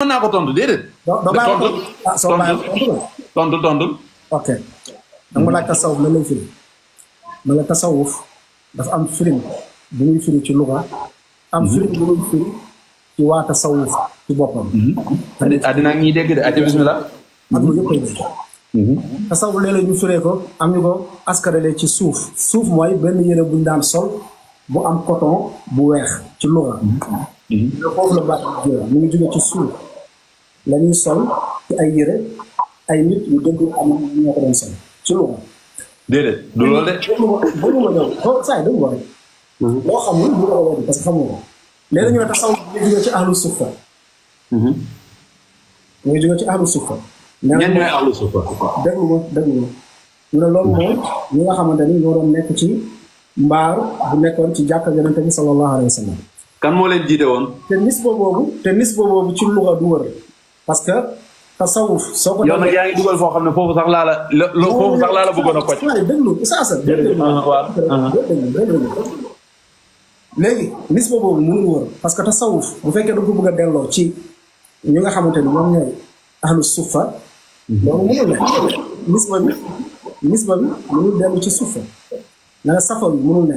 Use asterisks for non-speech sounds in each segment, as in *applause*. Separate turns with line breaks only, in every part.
mën naa ko tontu déedéet. doo bàyyi ko tontu tontu tontu ok dama laaj tasawuf lan lay firi ma tasawuf dafa am firim bu muy firi ci luga am mhm. firim bu muy firi ci waa tasawuf ci boppam. Mhm.
addina ak ñiy dégg de ati bismillah.
ak lu yëpp tasawuf léeg-léeg ñu firee ko am ñu ko askaralee ci suuf suuf mooy benn yére buñ daan sol bu am coton bu weex ci luga. Mhm. foofu la baax mu ngi ci suuf. lañuy sol ci ay yëre ay nit yu dëgg am ñoo ko doon sol ci lu ma.
déedéet du loolu de.
bëggu ma ñëw xool saa yi dëgg ma rek. loo mhm. xamul bu ko wóor parce que xamu ko. léegi ñu ne taxaw ñu jóge ci ahlu mhm. ñu jóge ci ahlu bu nekkoon ci jàkka yonente bi sallallahu alayhi wa kan moo leen jiite woon. te nisba boobu te nisba boobu ci luga du wër.
parce que tasawuf soo ko. yow nag dugal foo xam ne foofu sax laa la loo foofu
a ko. déglu isaasa. déglu boobu mënul wër parce que tasawuf bu fekkee da ko bëgg a delloo xamante ni moom ñooy ahlu ci sufa na nga safa boo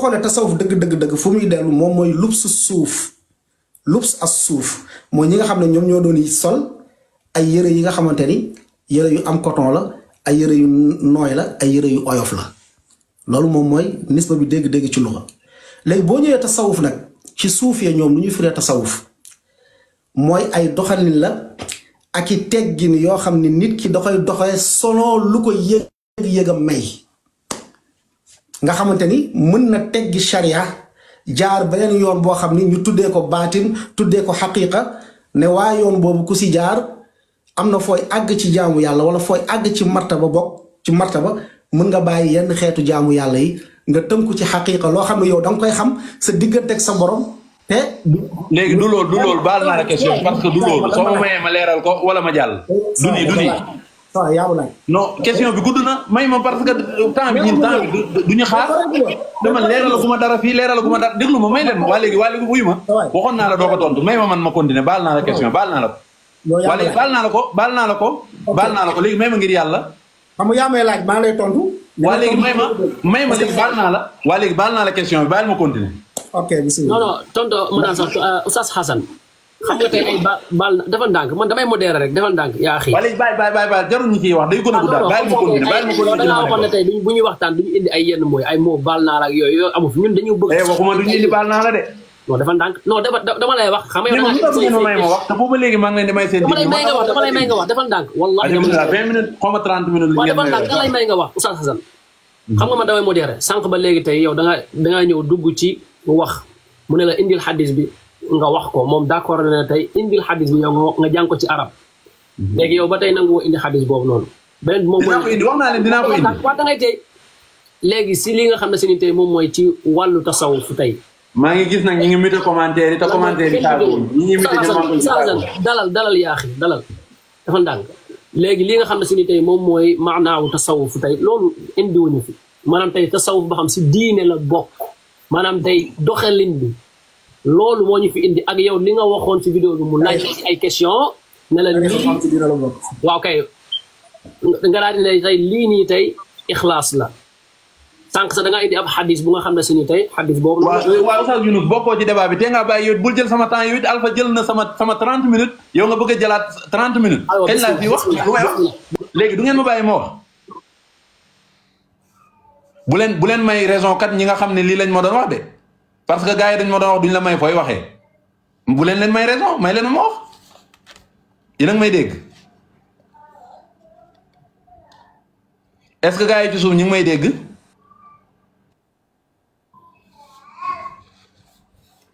xoolee tasawuf dëgg dëgg dëgg moom mooy lubsu suuf. lubs as suuf mooy ñi nga xam ne ñoom ñoo doon sol ay yëre yi nga xamante ni yëre yu am coton la ay yëre yu nooy la ay yëre yu oyof la loolu moom mooy nisba bi dégg-dégg ci luxa léegi boo ñëwee tasawuf nag ci suuf ya ñoom lu ñu firee tasawuf mooy ay doxalin la ak i teggin yoo xam ne nit ki da koy doxee solo lu ko yëg yëgam may nga xamante ni mën na teggi sharia jaar beneen yoon boo xam ni ñu tuddee ko baatin tuddee ko xaqiiqa ne waa yoon boobu ku si jaar am na fooy àgg ci jaamu yàlla wala fooy àgg ci martaba bokk ci martaba mën nga bàyyi yenn xeetu jaamu yàlla yi nga tënku ci xaqiiqa loo xam ne yow da nga koy xam sa diggante teg sa borom te.
léegi du lool du loolu baal naa la question parce que du loolu soo ma mayee ma leeral ko wala ma jàll. du nii du nii waaw yaa ngi non question bi gudd na may ma parce que euh, temps bi ñun du ñu xaar.
dama leeralagu ma dara fii leeralagu ma dara
déglu ma may leen ma waa léegi waa léegi wuyu ma. naa la doo ko tontu may ma ma continuer baal naa la question baal naa la ko. léegi naa la ko baal naa la ko. baal naa la ko léegi may ma ngir yàlla. xam nga yaa may laaj maa lay tontu. waa léegi may naa la. waa léegi baal naa la question bi baal ma continuer.
ok bisimilah non non tontu xam nga tey ay baal defal ndànk man damay modéré rek defal ndànk yaa xii wala
bàyyi bàyyi bàyyi jarul ñu ciy wax day gën a guddal bàyyi ah, ma ko bàyyi ma ko da ngaa
ñuy waxtaan duñu indi ay yenn mooy ay moo baal naa la ak yooyu yooyu amu fi ñun dañu bëgg eh, la wax xam nga yow da may ma wax te boobu léegi maa ngi leen di may seen dama lay may nga wax wax defal ndànk wallahi vingt minutes xaw ma da lay may hmm. ba léegi tey yow da nga da nga ñëw dugg ci wax mu ne la indil xadis bi nga wax ko moom d'accord na ne tey indil xadis bi yow nga jàng ko ci arab mhm. léegi yow ba tey nangu indi xadis boobu noonu beneen moom mooy wax naa leen dinaa ko indi waaw léegi si li nga xam ne seeni tey moom mooy ci wàllu tasawuf tey maa ngi gis nag ñu ngi mute commentaire yi te commentaire yi taago ñu ngi dalal dalal yaaxi dalal dafa ndànk léegi li nga xam ne seeni tey moom mooy maanaawu tasawuf tay loolu indiwuñu fi maanaam tey tasawuf ba xam si diine la bokk maanaam tey doxalin bi lolou moñu fi indi ak yow ni nga waxoon si vidéo bi mu laaj ay question na la ni wa kay nga la di lay tay li ni tay ikhlas la sank sa da nga indi ab hadith bu nga xamne suñu tay hadith bobu
wa wa waaw Oustaz Younus ci débat bi té nga bàyyi yow bul jël sama temps yow it Alpha jël na sama sama 30 minutes yow nga bëgg a 30 minutes kèn la fi wax légui du ngeen ma bàyyi mo wax bu len bu len may raison kat ñi nga xamne li lañ ma doon wax de parce que gars yi dañ ma doon wax duñ la may fooy waxee bu leen leen may raison may leen ma wax may dégg est-ce que gars yi ci suuf ñu ngi may dégg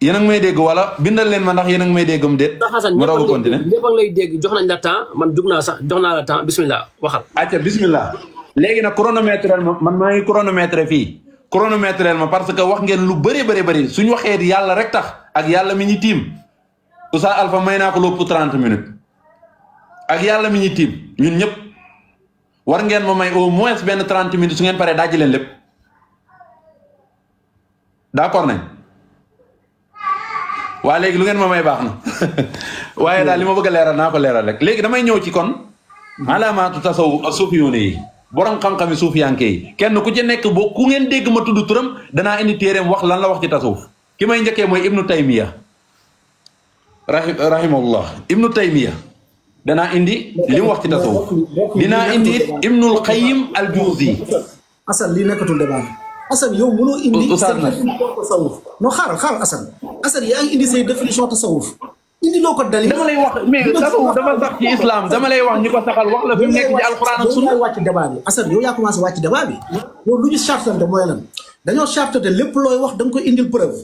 yéen a may dégg wala bindal leen ma ndax yéen a ngi may dégg mu déet. ma doog a continuer ñëpp a dégg jox nañ la temps man dugg naa sax jox naa la temps bismillah waxal. acca bismillah léegi nag chronomètre man maa ngi chronomètre fii. chronomètre leen ma parce que wax ngeen lu bëree bëri bëri suñu waxee yalla rek tax ak yalla mi ñu tiim Oustaz Alpha mayna ko lopp 30 minutes ak yalla mi ñu tiim ñun ñep war ngeen ma may au moins ben 30 minutes su ngeen paré dajji leen lepp d'accord nañ wa légui lu ngeen ma may baax na *laughs* waaye daal li bëgg léral leeral naa ko leeral rek légui damay ñëw ci kon hmm. alaamaatu tasawu asufiyuni borom xam-xami suufiyanke yi kenn ku ci nekk boo ku ngeen dégg ma tudd turam danaa indi téeréem wax lan la wax ci tasawuf ki may njëkkee mooy ibnu taymiya rahimahullah ibnu taymiya danaa indi li wax ci tasawuf
dinaa indi it ibnul qayim al juzi asan li nekkatul débat asan yow mënoo indi sa définition tasawuf non xaaral xaaral asan asan yaa indi say définition indi loo ko dalil dama lay wax mais dafa sax ci islam dama lay wax ñu ko saxal wax la fi mu nekk ci alquran ak sunna wàcc débat bi Assane yow yaa commencé wàcc débat bi yow lu ñu chartante mooy da nga koy indil preuve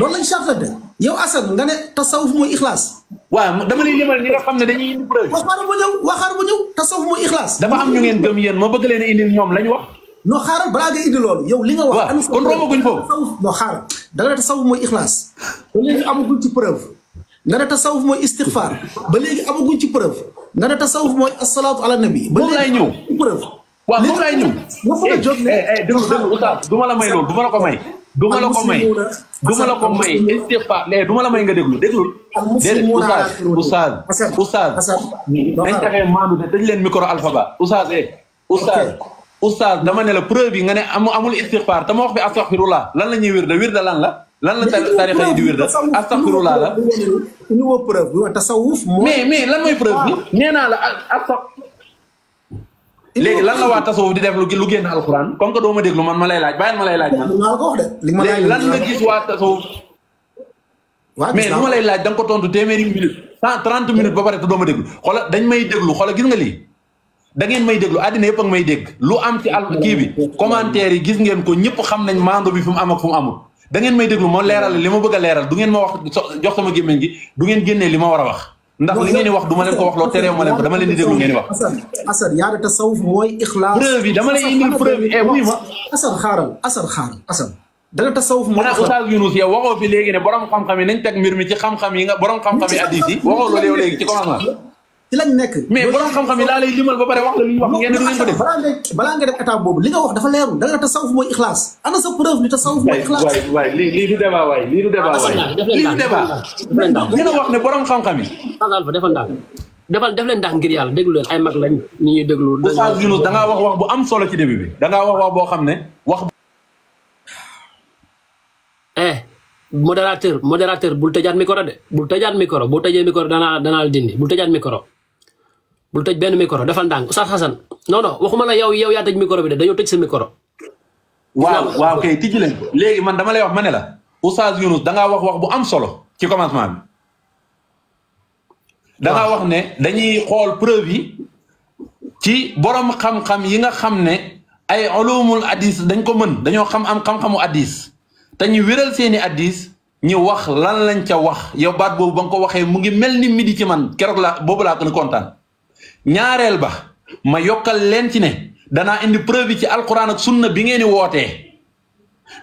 loolu lañ chartante yow Assane nga ne tasawuf mooy ixlaas
waaw dama lay limal ñi nga xam ne dañuy indi preuve waxaar bu ñëw waxaar bu ñëw tasawuf mooy ixlaas dafa am ñu ngeen gëm yéen ma bëgg leen a indil ñoom wax no xaaral balaa ngay indi loolu yow li nga wax. am kon rombaguñ foofu. non xaaral da nga ne tasawuf mooy ixlaas ba léegi amaguñ ci preuve nga ne tasawuf mooy istixfaar ba léegi amaguñ ci preuve nga ne tasawuf mooy asalaatu ala nabi. ba léegi moom laay a preuve. waaw moom laay ñëw. nga fa la jot ne eh, eh, déglu déglu Oustaz du ma la may ma la ko ko may du ma la ma la may nga déglu déglu. déedéet Oustaz Oustaz Oustaz. nañ taxee maandu de dañ leen micro alphabet Oustaz eh Oustaz. oustaz dama ne la preuve yi nga ne amul istixfaar te ma wax bi astaxfirullah lan la ñuy wir da wir da lan la. lan la tarixa yi di wir da astaxfirullah la. mais mais lan mooy preuve bi ah. nee naa la ah, astax. léegi lan la waa tasawuf di def lu génn alxuraan comme que doo ma déglu man ma lay laaj bàyyil ma lay laaj man. léegi lan nga gis waa tasawuf. mais lu ma lay laaj da nga ko tontu téeméeri minutes. cent trente minutes ba pare te doo ma déglu xoola dañ may déglu xoola gis nga lii. da ngeen may déglu àddina yëpp ak may dégg lu am ci al kii yi ngeen ko ñëpp xam nañ mando bi fu mu am ak fu mu amul da ngeen may déglu moo leeral li ma bëgg a leeral du ngeen ma wax jox sama gémmiñ gi du ngeen war a wax ndax li ngeen ma leen wax loo teree ma leen ko dama leen di déglu ngeen di wax
yi dama lay yi e eh, wuy ma asar xaaral asar xaaral asar
danga tasawuf nañ teg mbir mi ci xam yi nga borom xam-xam yi addis ci lañ nekk mais borom xam-xam yi laa lay limal ba pare wax la luy wax ngeen
ko def nga def étape boobu li nga wax dafa da nga tasawuf mooy ikhlas ana sa preuve ni tasawuf mooy ikhlas waay
waay lii lii du débat waay lii du débat waay ah, lii du débat ngeen wax ne borom xam-xam yi alfa defal ndànk defal def leen ndax ngir yàlla déglu leen ni ñuy déglu da
ngaa bu am solo ci début bi da ngaa wax wax ne wax
eh modérateur modérateur bul tëjaat micro de bul tëjaat micro tëjee micro danaa danaa dindi bul tëjaat bul tëj benn micro defal ndànk Oustaz Assane waxuma la yow yow yaa tëj micro bi de dañoo tëj sa micro.
waaw waaw kay tijji leen léegi man dama lay wax ma ne la Oustaz Younous da ngaa wax wax bu am solo ci commencement bi. da wax ne dañuy xool preuve ci boroom xam-xam yi nga xam ne ay ulumul hadis dañ ko mën dañoo xam am xam-xamu addis te ñu wéral seeni hadis ñu wax lan lañ ca wax yow baat boobu ba nga ko waxee mu ngi mel ni midi ci man keroog la boobu laa gën a kontaan. ñaarel ba ma yokal len ci ne dana indi preuve ci alquran ak sunna bi ngeen di wootee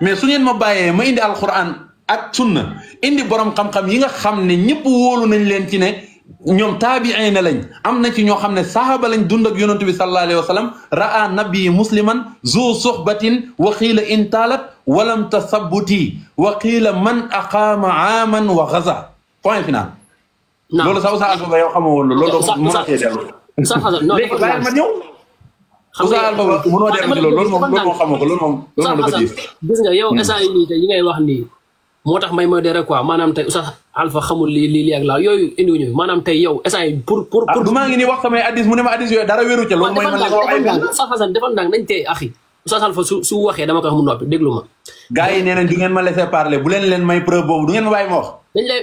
mais su ngeen ma baye ma indi alquran ak sunna indi borom xam-xam yi nga xam ne ñëpp wolu nañ len ci ne ñom tabi'in lañ am na ci ño xam ne lañ dund ak yonantu bi sallallahu alayhi wasallam ra'a nabi musliman zu suhbatin wa qiila in wa lam tasabbuti wa qiila man aqama 'aman wa ghaza point final loolu saw sa alpha yow xamoo woon loolu doo mën
cent personnes non léegi bàyyi ma ñëw.
xam nga mënoo dem ci loolu loolu moom loolu moom xamoo ko loolu moom loolu
moom hmm. moo tax may modéré quoi maanaam tey Oustaz Alpha xamul lii lii lii ak laa maanaam tey yow instant yi pour pour ah, pour du maa ngi nii wax samay addis mu ne su su waxee dama ko wax mu noppi déglu ma gars yi nee du ngeen ma laisser parler bu leen leen may preuve boobu du ngeen ma bàyyi ma wax dañ lay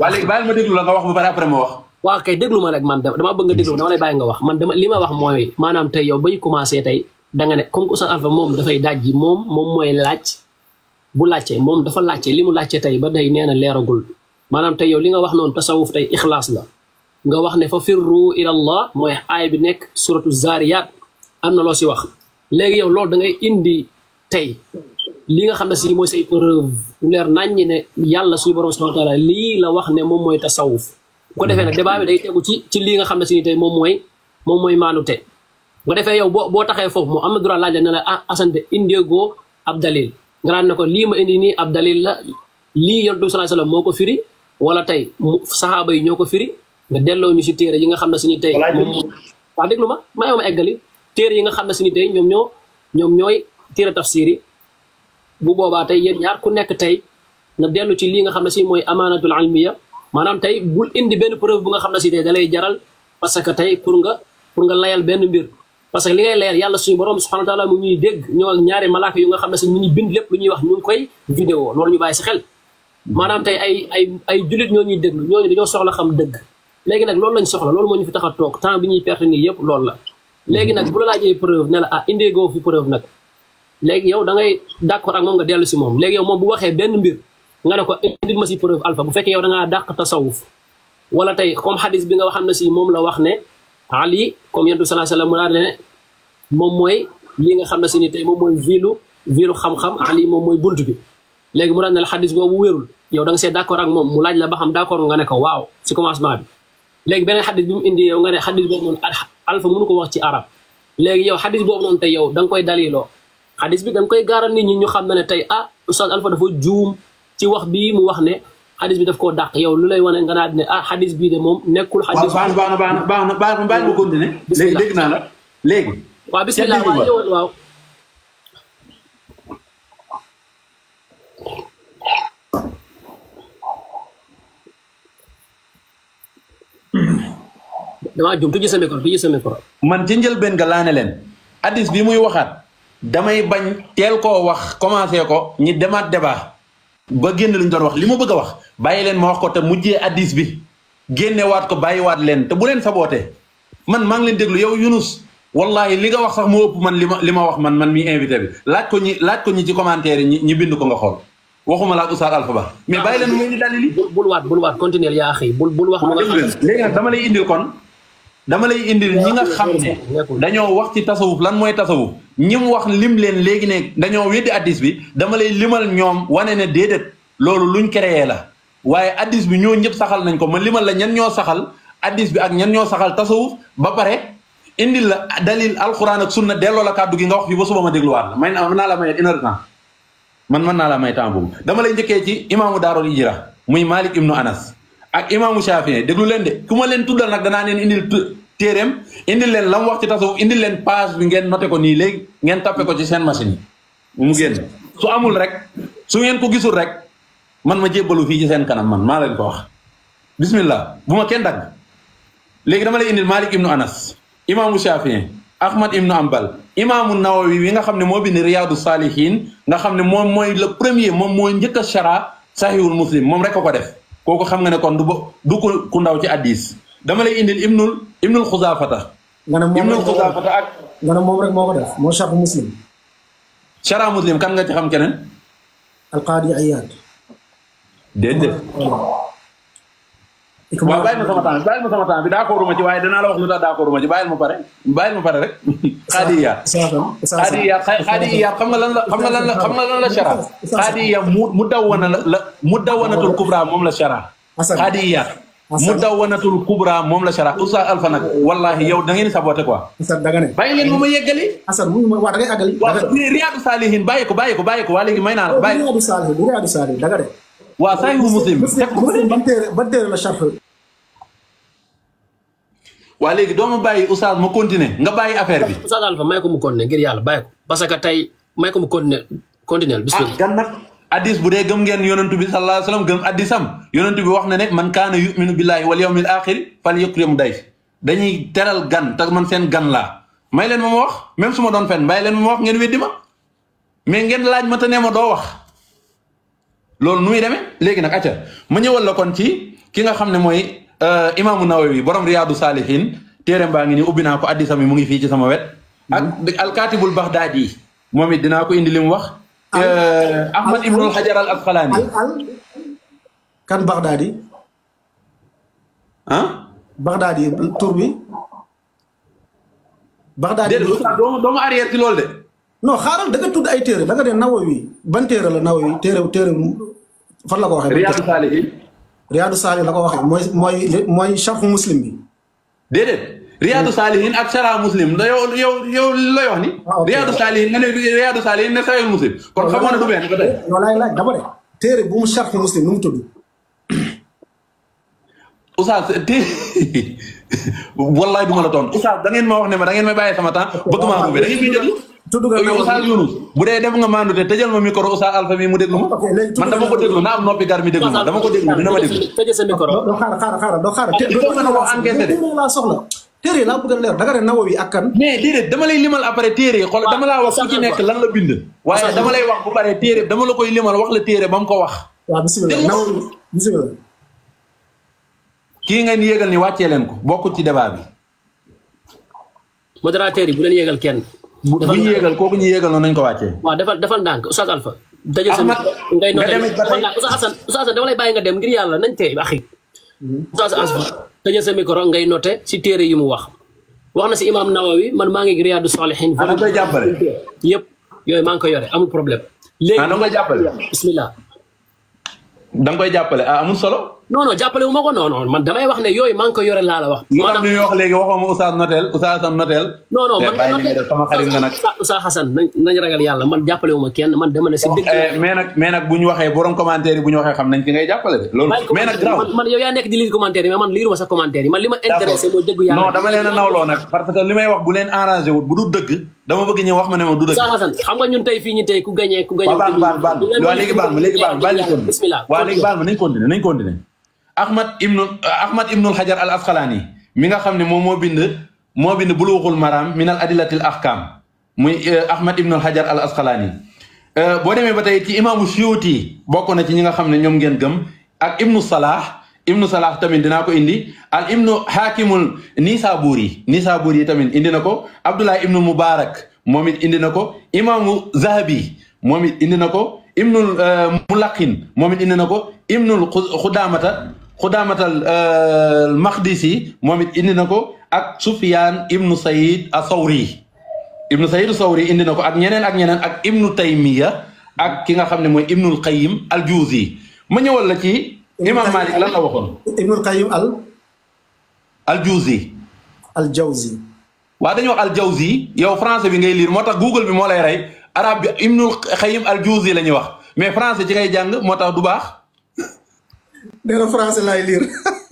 waa léegi bàyyil ma déglu nga wax ba pare après ma wax waaw kay déglu ma rek man dama bëgg nga déglu dama lay bàyyi nga wax man dama li ma wax mooy maanaam tey yow ba ñu commencé tey da nga ne comme Oustaz Alpha moom dafay daaj ji moom moom mooy laaj bu laajte moom dafa laajte li mu laajte tey ba day nee na leeragul maanaam tey yow li nga wax noonu tasawuf tey ixlaas la nga wax ne fa firru ila allah mooy aay bi nekk suratu zaariyaat am na loo si wax léegi yow loolu da ngay indi tey li nga xam ne si mooy say preuve leer nañ ne yàlla suñu borom subhanahu lii la wax ne moom mooy tasawuf bu ko defee nag débat bi day tegu ci li nga xam ne si ni tey moom mooy moom mooy maanute bu ko defee yow boo boo taxee foofu moom am na droit laaj ne la ah asante indiegoo ab dalil ne ko lii ma indi nii ab dalil la lii yonent bi sallallahu alayhi moo ko firi wala tey saxaaba yi ñoo ko firi nga delloo ñu si téere yi nga xam ne suñu tey moom wax déglu ma mayoo ma eggali téere yi nga xam ne suñu tey ñoom ñoo ñooy téere tafsir yi bu boobaa tey yéen ñaar ku nekk tey na dellu ci lii nga xam ne si mooy amaanatul almiya maanaam tey bul indi benn preuve bu nga xam ne si tey da lay jaral parce que tey pour nga pour nga layal benn mbir parce que li ngay layal yàlla suñu borom subhanahu wa taala mu ñuy ñoo ak ñaari malaaka yu nga xam ne si ñu ngi bind lépp ñuy wax ñu ngi koy vidéo loolu ñu bàyyi si xel ay ay ay jullit ñoo ñuy déglu ñooñu dañoo soxla xam dëgg léegi nag loolu lañ soxla loolu moo ñu fi tax a toog temps bi ñuy perte nii yëpp lool la léegi nag bu la laajee preuve ne la ah indee goo fi preuve nag léegi yow da ngay d'accord ak moom nga dellu si moom léegi yow moom bu waxee benn mbir nga ne ko eh, indil ma si preuve alpha bu fekkee yow da ngaa dàq tasawuf wala tey comme xadis bi nga xam ne si moom la wax ne ali comme yentu salaa mu daal si ni tey moom mooy vilu vilu xam-xam ali moom mooy bunt bi léegi mu daal ne la xadis boobu wérul yow da nga see ak moom mu laaj la ba xam d' accord nga ne ko waaw si commencement bi léegi beneen xadis bi mu indi yow nga ne xadis boobu noonu alpha mënu ko wax ci arab léegi yow xadis boobu noonu tey yow da nga koy daliloo xadis bi da nga koy gaaral nit ñi ñu xam ah, ci wax bii mu wax ne xadis bi daf koo dàq yow lu lay wane nga naa ne ah xadis bii de moom nekkul. xadis baax na baax na baax
na baax na baax na baax na continuer. léegi dégg naa la
léegi. waaw bisimilah waaw ñëwal waaw. damaa jum tujji sa micro tujji sa micro. man ci njëlbeen nga
laa ne leen. hadis bi muy waxaat damay bañ teel koo wax commencé ko ñi demaat débat ba génn lu ñu doon wax li ma bëgg wax bàyyi leen ma wax ko te mujjee addis bi génnewaat ko bàyyiwaat leen te bu leen sabootee man maa ngi leen déglu yow Yunus wallahi li nga wax sax moo ëpp man li ma li ma wax man man mi invité bi laaj ko ñi laaj ko ñi ci commentaire yi ñi bind ko nga xool waxuma laa Oustaz Alpha Ba mais bàyyi leen mu indi dalil yi bul waat bul waat continuer yaa xëy bul bul wax léegi nag dama lay indil kon dama lay indil ñi nga xam ne dañoo wax ci tasawuf lan mooy tasawuf ñi mu wax lim leen léegi ne dañoo weddi addis bi dama lay limal ñoom wane ne déedéet loolu luñ créé la waaye addis bi ñoo ñëpp saxal nañ ko ma limal la ñan ñoo saxal addis bi ak ñan ñoo saxal tasawuf ba pare indil la dalil alquran ak sunna delloo la kàddu gi nga wax fi ba suba ma dégluwaat la may naa mën naa la may temps man mën naa la may temps boobu dama lay njëkkee ci imaamu daarul hijra muy Malik ibnu Anas ak imaamu Shafii déglu leen de ku ma leen tuddal nag danaa leen indil téeréem indil leen la wax ci tasawuf indil leen page bi ngeen noté ko nii léegi ngeen tappe ko ci seen machine yi mu génn su amul rek su ngeen ko gisul rek man ma jébbalu fii ci seen kanam man maa leen ko wax bismillah bu ma kenn dagg léegi dama lay indil Malik ibnu Anas imaamu Shafii Ahmad ibnu Ambal imaamu nawo wi nga xam ne moo bind Riyaadu Saalihiin nga xam ne moom mooy le premier moom mooy njëkk a chara Sahihul Muslim moom rek ko ko def kooku xam nga ne kon du du ku ndaw ci addis dama lay indil ibnul ibnul xusaafata. nga khuzafata moom ibnul xusaafata
ak. nga mom rek moko def mo sharh muslim. shara muslim kan nga ci xam keneen. alqaadi ayad.
déedéet. waaw bàyyi ma sama temps bàyyi ma sama temps bi d'accord ma ci waaye danaa la wax lu tax d'accord ma ci bàyyil ma pare bàyyil ma pare rek. xaadiya xaadiya xaadiya xam nga lan la xam nga lan la xam nga lan la shara xaadiya mu mu dawana kubra moom la shara xaadiya mu dawwanatul kubra moom la sarax oustaz Alpha nag wallahi yow da ngeen saboté quoi Assane da nga ne bàyyi leen mu ma yeggali Assane mu ma waa da ngay àggali waaw riyaadu saalihin bàyyi ko bàyyi ko bàyyi ko waa léegi may naa la bàyyi riyaadu saalihin du riyaadu saalihin da nga ne waa sahihu muslim ban téere
léegi doo ma bàyyi oustaz ma continuer nga bàyyi affaire bi oustaz Alpha may ko mu continuer ngir yàlla bàyyi ko parce tey may ko mu continuer continuer bismillah
addis bu dee gëm ngeen yonentu bi sallallahu alayhi wasallam gëm addisam yonentu bi wax na ne man kaana yuminu billahi wal yawmil axiri fal yukrim day dañuy teral gan te man seen gan laa may leen ma ma wax même suma doon fen may leen ma ma wax ngeen weddi ma mais ngeen laaj ma te nee ma doo wax loolu nu muy demee léegi nag acca ma ñëwal la kon ci ki nga xam ne mooy euh, imaamu nawawi borom riyaadu saalihin téeréem baa ngi nii ubbi naa ko addisam mi mu ngi fii ci sama wet ak mhm. alkaatibul baxdaadi moom it dinaa ko indi li mu wax Euh, Ahmad
Ibnul Hajar al Asqalaani. kan Bagdaadi. ah. Bagdaadi tur bi. Bagdaadi
déedéet oustaz doo ci loolu de. non xaaral da nga tudd ay téere da nga ne Nawawi ban téere la Nawawi téere téere fan la ko waxee. Riyaadu Saalihiin. Riyaadu Saalihiin la ko waxee mooy mooy mooy muslim bi. déedéet. Riyaadu eh. Saalihin ak Sharh Muslim da yow yow yow la yox ni. waaw ah, Riyaadu Saalihin nga ne Riyaadu Saalihin ne Sharh Muslim kon xamoon na du benn ba tey. loolu laay laaj dama bu mu Sharh Muslim *coughs* *coughs* wallaay du ma la tontu Oustaz da ngeen ma wax ne ma da ngeen may bàyyi sama temps bëgg maa mu bi da ma micro Oustaz Alpha mi mu déglu ma. man dama ko déglu naa am noppi gar mi déglu ma dama ko déglu dina ma déglu.
a ah, wax téere laa bëgg a leer danga ne Nawawi ak kan. mais déedéet
dama lay limal après téere xool dama laa wax ku ci nekk lan la bind. waaye dama lay wax bu pare téere dama la koy limal wax la téere ba mu ko wax. waaw
bisimilah Nawawi
bisimilah. kii ngeen yéegal ni wàccee leen ko bokkut ci débat bi.
modérateur yi bu leen yéegal kenn. bu bu ñu yéegal kooku ñu yéegal nañ ko wàccee. waaw defal defal ndànk Oustaz Alpha. dajal sa ngay noter Oustaz Assane Oustaz Assane dama lay nga dem ngir yàlla nañ tey axi mm-hmm. Oustaz tëjee sa micro ngay noté si téere yi mu wax wax na si imaam Nawawi man maa ngi Riyadu Salihin. ah koy jàppale yëpp yooyu maa ngi koy yore amul problème. léegi ah da nga koy jàppale. bismillah koy jàppale ah solo. non jàppale wu ma ko non man damay wax ne yooyu maa ngi koy yore laa la wax. maanaam li nga kenn man dama ne si dëgg. Eh, mais nag mais nag bu ñu waxee borom commentaire yi bu ñu waxee xam nañ ki ngay jàppale de. loolu mais a wax ne ma du léegi
baal ma nañ continuer nañ continuer Ahmad ibnu Ahmad ibnul Hajar al Asqalaani mi nga xam ne moom moo bind moo bind buluuxul maraam min al adillatil ahkaam muy eh, Ahmad ibnul Hajar al Asqalaani eh, boo demee ba tey ci imaamu Suyuuti bokk na ci ñi nga xam ne ñoom ngeen gëm ak ibnu Salah ibnu Salah tamit dinaa ko indi al ibnu Haakimul Nisaabuuri Nisaabuuri tamit indi na ko Abdullah ibnu Mubaarak moom it indi na ko imaamu Zahabi moom it indi na ko ibnul eh, Mulaqin moom it indi na ko ibnul Xudaamata xuddaamatal maxdisi moom it indi na ko ak sufyaan ibnu sayid a sawri ibnu sayid sawri indi na ko ak ñeneen ak ñeneen ak ibnu taymiya ak ki nga xam ne mooy ibnul qayim al juuzi ma ñëwal la ci imam malik lan la waxoon ibnul qayim al al juuzi al jawzi waa dañu wax al jawzi yow français bi ngay lire moo tax google bi moo lay rey arab bi ibnul qayim al juuzi la ñuy wax mais français ci ngay jàng moo tax du baax
nee na français laay lire.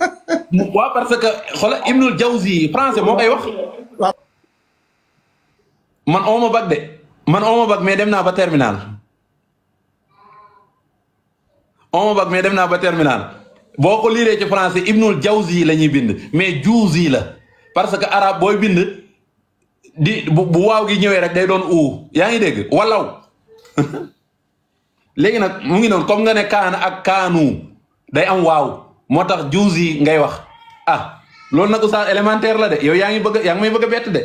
*laughs* waaw parce que xoola Ibnul Jawzi français moo koy wax. man ooma bag de man ooma bag mais dem naa ba terminal ooma mais dem naa ba terminal boo ko liiree ci français Ibnul Jawzi la bind mais juuzi la parce que arabe booy bind di bu waaw gi ñëwee rek day doon uu yaa ngi dégg walaw *laughs* léegi nag mu ngi noonu comme nga ne kaan ak kaanu. day am waaw moo tax juus yi ngay wax ah loolu nag oustaz élémentaire la de yow yaa ngi bëgg yaa may bëgga bett de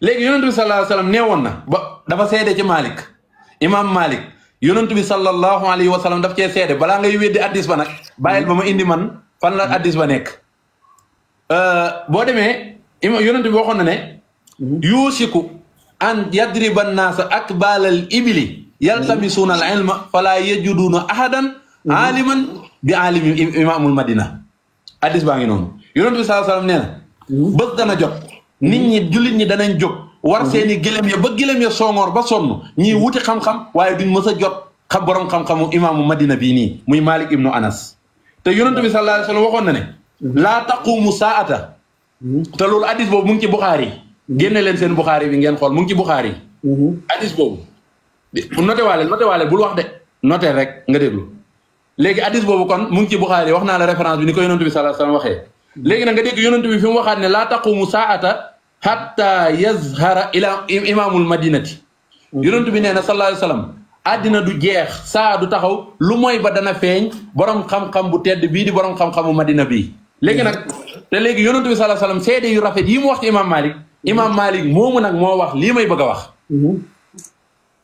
léegi yonent bi sallallahu alayhi wa sallam na ba dafa seede ci Malik imaam Malik yonent bi sallallahu alayhi daf cee seede bala ngay weddi addis ba nag bàyyil ba ma indi man fan la addis ba nekk euh, boo demee yonent bi waxoon na ne mhm. yuusiku an yadriba annaasa akbaalal ibili yaltamisuuna al ilma falaa yajuduuna ahadan mhm. aaliman di aalim imaamul madina addis baa ngi noonu yonent sa sallallahu alayhi wasallam nee na dana jot nit ñi jullit ñi danañ jóg war seen i gëlëm ya ba gëlëm songoor ba sonn ñii wuti xam-xam waaye duñ mës a jot xam borom xam-xamu imaamu madina bii nii muy malik ibnu anas te yonent bi sallallahu la wasallam waxoon na ne laa taqumu ata te loolu addis boobu mu ngi ci buxaari génne leen seen buxaari bi ngeen xool mu ngi ci buxaari addis boobu noté waale noté waale bul wax de noté rek nga déglu léegi hadis boobu kon mu ngi ci Buxaari wax naa la référence bi ni ko yonantu bi sallallahu alayhi wa sallam waxee léegi nag nga dégg yonantu bi fi mu waxaat ne laa taqumu saata hatta yazhara ila imaamul madinati yonantu bi nee na sallallahu alayhi wa sallam àddina du jeex saa du taxaw lu mooy ba dana feeñ borom xam-xam bu tedd bii di borom xam-xamu madina bii léegi nag te léegi yonantu bi sallallahu alayhi wa sallam seede yu rafet yi mu wax ci imaam Malik imaam Malik moomu nag moo wax lii may bëgg a wax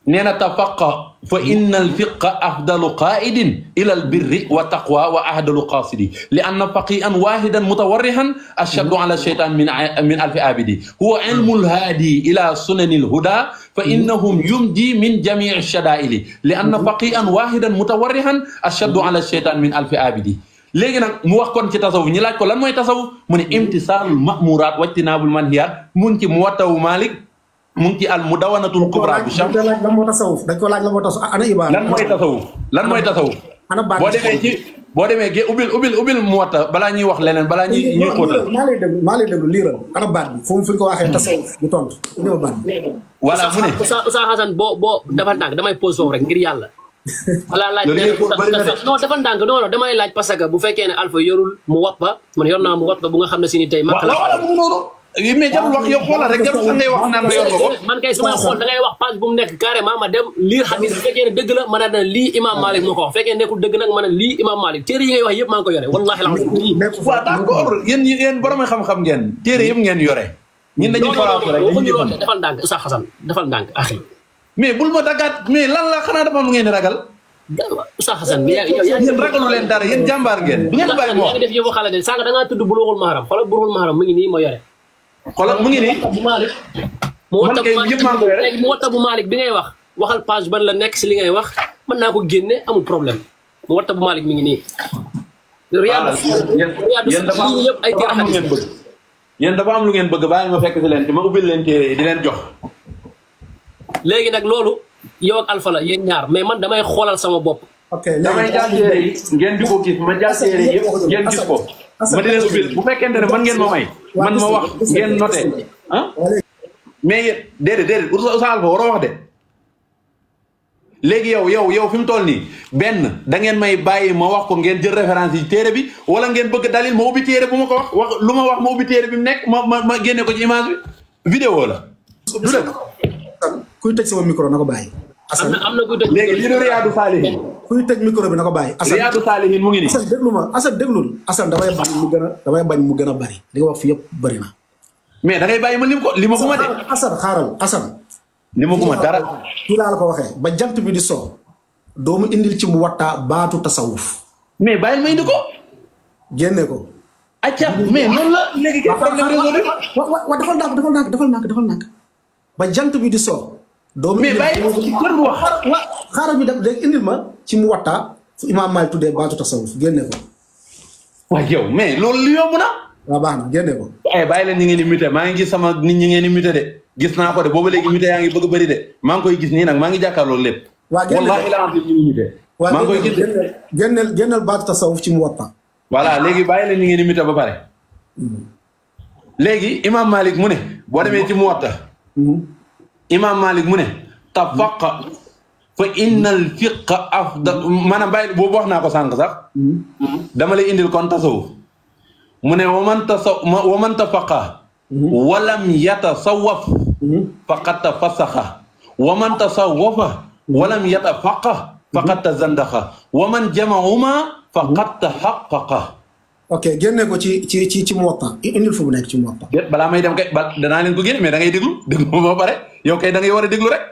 لنتفقه فإن الفقه أفضل قائد إلى البر والتقوى وأهدل قاصدي لأن فقيئا واحدا متورها أشد على الشيطان من من ألف عابد هو علم الهادي إلى سنن الهدى فإنهم يمدي من جميع الشدائل لأن فقيئا واحدا متورها أشد على الشيطان من ألف عابد légi nag mu wax kon ci tasawuf ñu laaj ko lan mooy tasawuf mu ne imtisaal mamourat wajtinaabul munti al mudawanatul kubra bi sham dañ la mo lan tasawuf dañ ko laaj la mo tasawuf ana ibada lan moy tasawuf lan moy tasawuf
ana ba bo demé ci
bo demé ge ubil ubil ubil mu bala ñi wax leneen
balaa ñi ñuy xóotal ma lay déglu ma lay déglu liral ana ba bi fu mu ko waxe tasawuf bu tont ñu
ba wala mu ne sa hasan bo bo dafa ndànk damay pose rek ngir yalla wala laaj no dafa dank no non damay laaj parce que bu fekkee ne alfa yorul mu wappa man yorna mu wappa bu nga xam ne si ni tey mak la oui mais jarul wax yow wax naan la yor ko man kay su may xool da ngay wax page bu mu nekk carrément ma dem lii xadis bu fekkee ne dëgg la ma ne la lii Imam Malik moo ko wax fekkee nekkul dëgg nag ma a lii Imam Malik téere yi ngay wax yëpp maa ko yore wallaahi la waaw
d'accord yéen ndànk
Oustaz Assane defal ndànk axi mais bul ma daggaat mais lan la xanaa dafa am ngeen ragal Oustaz Assane yéen ragalu leen dara yéen jàmbaar ngeen du ngeen bàyyi mo def yëfu xale de sànq da ngaa tudd bulughul maram xoolal bulughul maram mu ngi nii ma yore xoolal mu ngi nii. moo tax moo tax bu Malick bi ngay wax waxal page ban la nekk si li ngay wax man naa ko génne amul problème moo tax bu Malick mi ngi nii. riyaadu yéen dafa am yëpp ngeen bëgg
yéen dafa am lu ngeen bëgg bàyyi ma fekk si leen ci ma ubbil leen téere di leen jox.
léegi nag loolu yow ak Alpha yéen ñaar mais man damay xoolal sama bopp. ok damay jàll téere yi ngeen di ko gis ma jàll téere yëpp ngeen gis ko. ma di leen ubbil bu fekkente ne man ngeen ma may man ma wax ngeen noté
ah mais yéen déedéet déedéet Oustaz Alpha waroo wax de léegi yow yow yow fi mu toll nii benn da ngeen may bàyyi ma wax ko ngeen jël référence yi téere bi wala ngeen bëgg dalil ma ubbi téere bu ma ko wax wax lu ma wax ma ubbi téere bi mu nekk ma ma ma génne ko ci image bi vidéo la
du dëgg kuy tëj sama micro na ko bàyyi
léegi li du riyaadu saalihin
kuy teg micro bi na ko bàyyi. Assane riyaadu mu ngi nii Assane déglu ma Assane déglul Assane damay bañ mu gën a
damay bañ mu gën bari li nga wax fi yëpp bari na. mais da ngay ma lim ko de.
dara. la ko ba jant bi di so doomu indil ci mu wattaa baatu tasawuf. mais bàyyil ma indi ko. génne ko. acca mais noonu la léegi. waaw defal defal defal defal ba jant bi di so. doomu mais bàyyi kër wax xaaral ñu def de indil ma ci mu wattaa fu imaam Maalik tuddee baatu tasawuf génne ko. waaw yow mais loolu lu
yomb na. waaw baax na génne ko. ay eh, bàyyi leen ñi ngeen di muté maa ngi gis sama nit ñi ngeen di muté de naa ko de booba léegi ngi bëgg bëri de maa koy gis nii nag maa ngi jàkkaarloo lépp. waa génne ñu ngi muté. maa ngi koy gis de
génneel génneel baatu tasawuf ci mu wattaa.
voilà léegi bàyyi leen ñi ngeen di muté ba pare. Mm-hmm. léegi imaam Maalik mu ne boo demee ci mu wattaa mm-hmm. imaam Malik mu ne tafaqa fa innal fiqa afdal maanaam bàyyi boobu wax naa ko sànq sax dama lay indil kon tasawuf mu ne waman tasa waman tafaqa walam yatasawaf faqad tafasaxa waman tasawafa walam yatafaqa faqad tazandaxa waman jamauma faqad taxaqaqa
ok génne ko ci ci ci ci Muwatta indil fu mu nekk ci Muwatta.
balaa may dem kay ba danaa leen ko génne mais da ngay déglu déglu ba pare yow kay da ngay a déglu rek.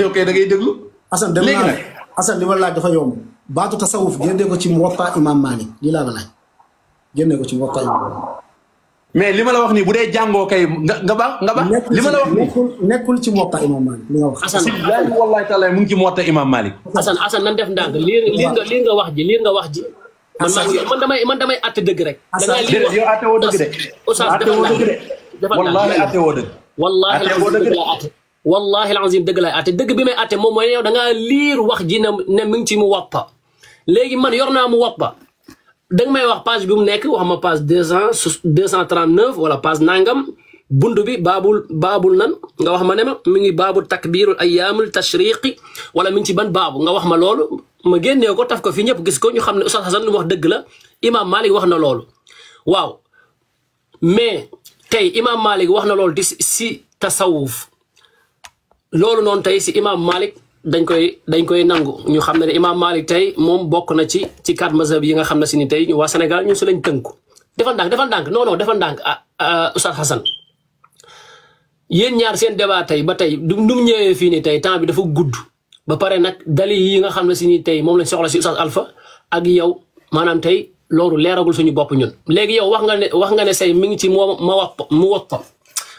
yow kay da ngay déglu.
Assane dem naa Assane li ma laaj dafa yomb. baatu tasawuf génne ko ci Muwatta Imam Malik lii laa la laaj ko ci Muwatta
Imam Malik. mais li ma la wax nii bu dee jàngoo kay nga nga baax nga baax li ma la wax nekkul nekkul ci Muwatta Imam Malik li nga wax. Assane wallaahi mu ngi ci Muwatta Imam Malik.
Assane Assane nan def ndànk liir liir nga liir nga wax ji liir nga wax ji. man damay man damay àtte dëgg rek. da dëgg de. Oustaz defal naa dëgg defal naa wallaahi àtte woo dëgg. wallaahi dëgg laa àtte. dëgg bi may ate moom mooy yow da ngaa liir wax ji ne ne mi ci mu wàppa léegi man yor naa mu wàppa da nga may wax page bi mu nekk wax ma page deux cent deux cent trente neuf wala page nangam. buntu bi babul babul nan nga wax ma ne ma mi ngi babul takbirul ayyamul tashriqi wala min ci ban babu nga wax ma lolu ma génnee ko taf ko fi ñep gis ko ñu oustad hasan lu wax deug la Imam Malik wax na lolu waw mais tay Imam Malik wax na lolu si tasawuf lolu non tay si Imam Malik dañ koy dañ koy nangu ñu xam Imam Malik tay mom bok na ci ci quatre mazhab yi nga xam ne si ni tey waa Sénégal ñun lañ teunk defal dank defal dank non non defal ah, ah oustad hasan yéen ñaar seen débat tey ba tey du nu ñëwee fii nii tey temps bi dafa gudd ba pare nag dali yi nga xam ne si nii tey moom lañ soxla si Oustaz alfa ak yow maanaam tey loolu leeragul suñu bopp ñun. léegi yow wax nga ne wax nga ne say mi ngi ci moo ma wax mu wax ko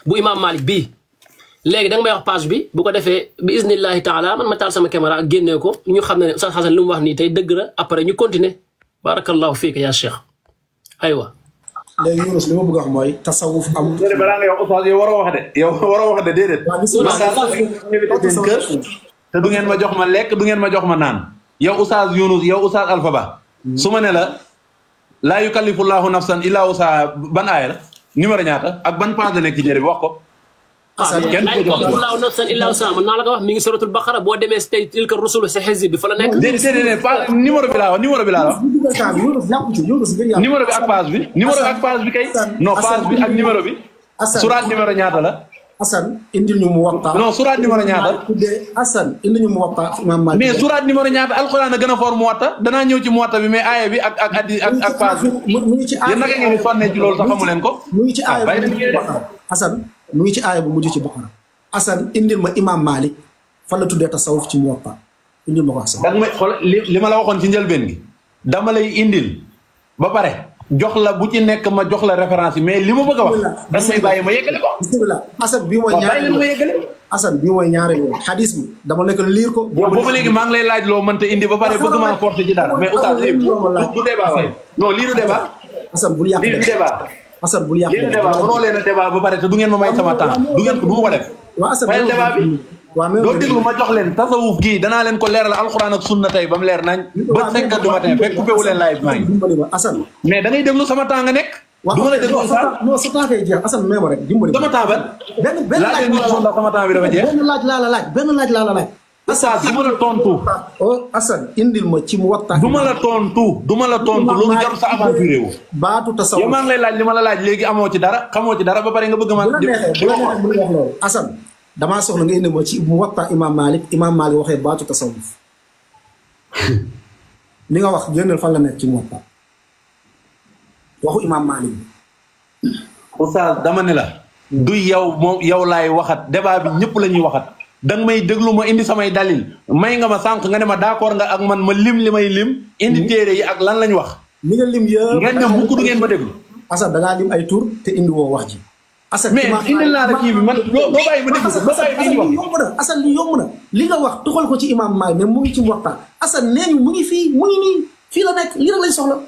bu Imaam Malik bi léegi da nga may wax page bi bu ko defee bi iznillahi taala man ma taal sama caméra génne ko ñu xam ne Oustaz Xasan li mu wax nii tey dëgg la après ñu continuer barakallahu fiik yaa Cheikh aywa.
léegi Yunus li ma bëgg wax mooy tasawuf amul. déedéet
balaa nga yow Oustaz yow waroo wax de. yow waroo wax de déedéet. waaw
gis te du ngeen ma jox ma lekk du ngeen ma jox ma naan. yow Oustaz Yunus yow Oustaz Alpha Ba. Hmm. su ma ne la. laa yukallifu llaahu nafsan illaa wusahaa ban aaya la numéro ñaata ak ban page la nekk ci ñëri bi wax ko. laahu
nafsan illa wusaha mën naa la ko wax mi ngi suratul baqara boo demee si tey tilka rusulu si xisib bi fa la nekk. déedéet déedéet pas
numéro bi laa wax numéro bi laa wax. numéro bi ak page bi. numéro bi ak page bi kay.
non page bi ak numéro bi.
suraat numéro ñaata la. Assane indil ñu mu waxtaan. non suraat numéro ñaata.
Assane indil ñu mu waxtaan. mais
suraat numéro ñaata alxuraan a gën a for mu watta danaa ñëw ci mu watta bi mais aaya bi ak ak addi ak ak page bi. mu ngi ci aaya bi yéen naka ngeen di sonnee ci loolu
sax xamu leen ko. mu ngi ci aaya bi mu ngi ci aaya bi mu ngi ci aaya bu mujj ci Baqara Assane indil ma imaam Malik fan la tuddee tasawuf ci Muwatta indil ma ko Assane. da nga may
li ma la waxoon ci njëlbeen gi dama lay indil ba pare. jox la bu ci nekk ma jox la référence yi mais li ma bëgg a wax. da ngay bàyyi ma yëgale ko. bisimilah Assane bii mooy ñaari ma yëgale.
Assane bii xadis bi dama nekk liir ko. boobu léegi maa
ngi lay laaj loo mënta indi ba pare bëgg maa forcé ci dara mais oustaz bu débat non lii du débat. Assane bul yàq yéen a ba pare te du ngeen ma may sama temps du ngeen ko du ko def waaw Assane débat ma jox leen tasawuf gii danaa leen ko leeral alxuraan ak sunna tey ba leer nañ
ba cinq heures du matin fekk coupé wu leen live maa ngi Assane mais da sama temps nga nekk du ma la déglu
sa non Assane du ma tontu. oh Assane ma ci mu ma la tontu du ma la tontu loolu sa aventuré baatu tasawuf yow maa ngi laaj li ma la laaj léegi amoo ci dara xamoo ci dara ba pare nga bëgg ma.
bu la ci mu waxtaan Imaam Malik Imaam Malik *laughs* wax génnal fan la ci mu
waxtaan dama ne la. du yow moom yow laay waxat débat bi ñëpp la ñuy waxat. dang may deglu ma indi samay dalil may nga ma sank nga ne ma d'accord nga ak man ma lim limay lim indi mm-hmm. téré yi ak lan lañ wax li nga lim yëpp ngeen ne mukk du ngeen ma déglu Assane
da nga lim ay tour te indi wo wax ji Assane mais indi la rek yi man do bay ma déglu loo bàyyi indi wax yomb na li yomb na li nga wax tukhol ko ci imam may ne mu ngi ci waxta asa nee mu ngi fi mu ngi ni fi la nek li rek lañ soxla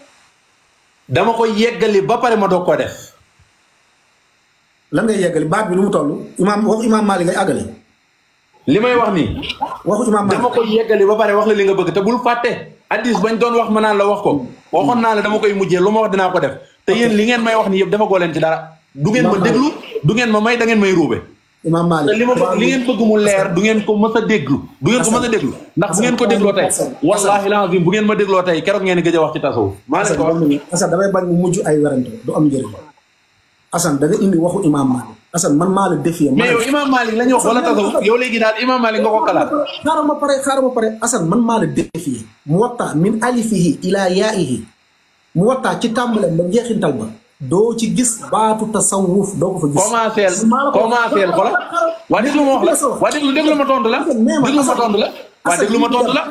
dama koy yeggali ba pare ma do ko def lan ngay yeggali baat bi lu mu tollu imam wax imam malik ngay àggale limay wax ni waxu imam dama ko yeggali ba bare wax la li nga bëgg te bul faté hadith bañ doon wax manan la wax ko waxon na la dama koy mujjé luma wax dina ko def te yeen li ngeen may wax ni yeb dafa goo leen ci dara du ngeen ma deglu du ngeen ma may da ngeen may roubé imam Malik li ma bëgg li ngeen bëgg mu leer du ngeen ko mësa deglu du ngeen ko mësa deglu ini, ndax bu ngeen ko deglo tay wallahi azim bu ngeen ma deglo tay kérok ngeen gëj wax ci tasawuf
maa ko wax bay bañ mu mujju ay werante du am njëriñ assan da nga indi waxu Imam Malik Assane man maa la défier. mais yow Imam la ñu wax wala tasaw yow léegi daal Imam Malik nga ko kalaat. xaaral ma pare xaaral ma pare Assane man maa la défier. Muwatta min alifihi ila yaa'ihi Muwatta ci tàmbalam ba njeexintal ba. doo ci gis baatu tasawuf doo ko fa gis. commencé commencé xoolal.
waa déglu ma wax la waa déglu déglu ma tontu la. déglu ma tontu la. waa déglu ma tontu la.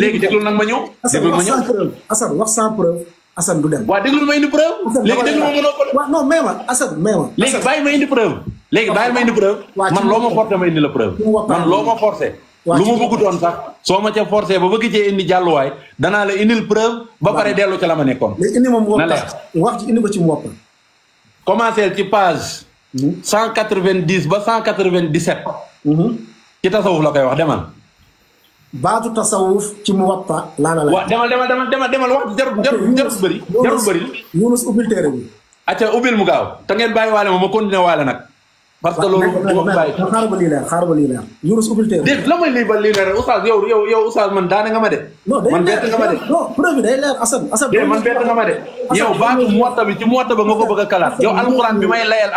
léegi déglu nag ma Assane du dem. waaw déglu ma indi preuve. léegi déglu ma mënoo ko. waaw non mais ma Assane mais ma. léegi léegi bàyyi ma indi preuve. man loo ma forcé ma indi la preuve. man loo ma forcé.
lu ma bëggutoon sax
soo ma ca forcé ba bëgg cee indi jàlluwaay danaa la indil preuve. ba pare dellu ca la ma nekkoon. léegi indi ma mu woppal
wax ci indi ko ci mu woppal.
commencé ci page. 190 mhm. ba 197. Mhm. ci tasawuf la koy wax demal. baatu tasawuf ci Muwatta laa la laaj. waaw demal demal demal demal demal wax jarul jarul jarul bëri. jarul bëri Yunus ubbil téere bi. acca ubbil mu gaaw te ngeen bàyyi waale ma ma continuer waale nag. parce que loolu du ma bàyyi xaaral ba Yunus ubbil téere bi. dégg la may lii ba lii leer oustaz yow yow yow oustaz man daane nga ma de. non day leer man bett nga ma de. non preuve bi day leer Assane Assane. déedéet ma de. yow baatu Muwatta bi ci Muwatta ba nga ko bëgg a kalaat. yow alxuraan bi may layal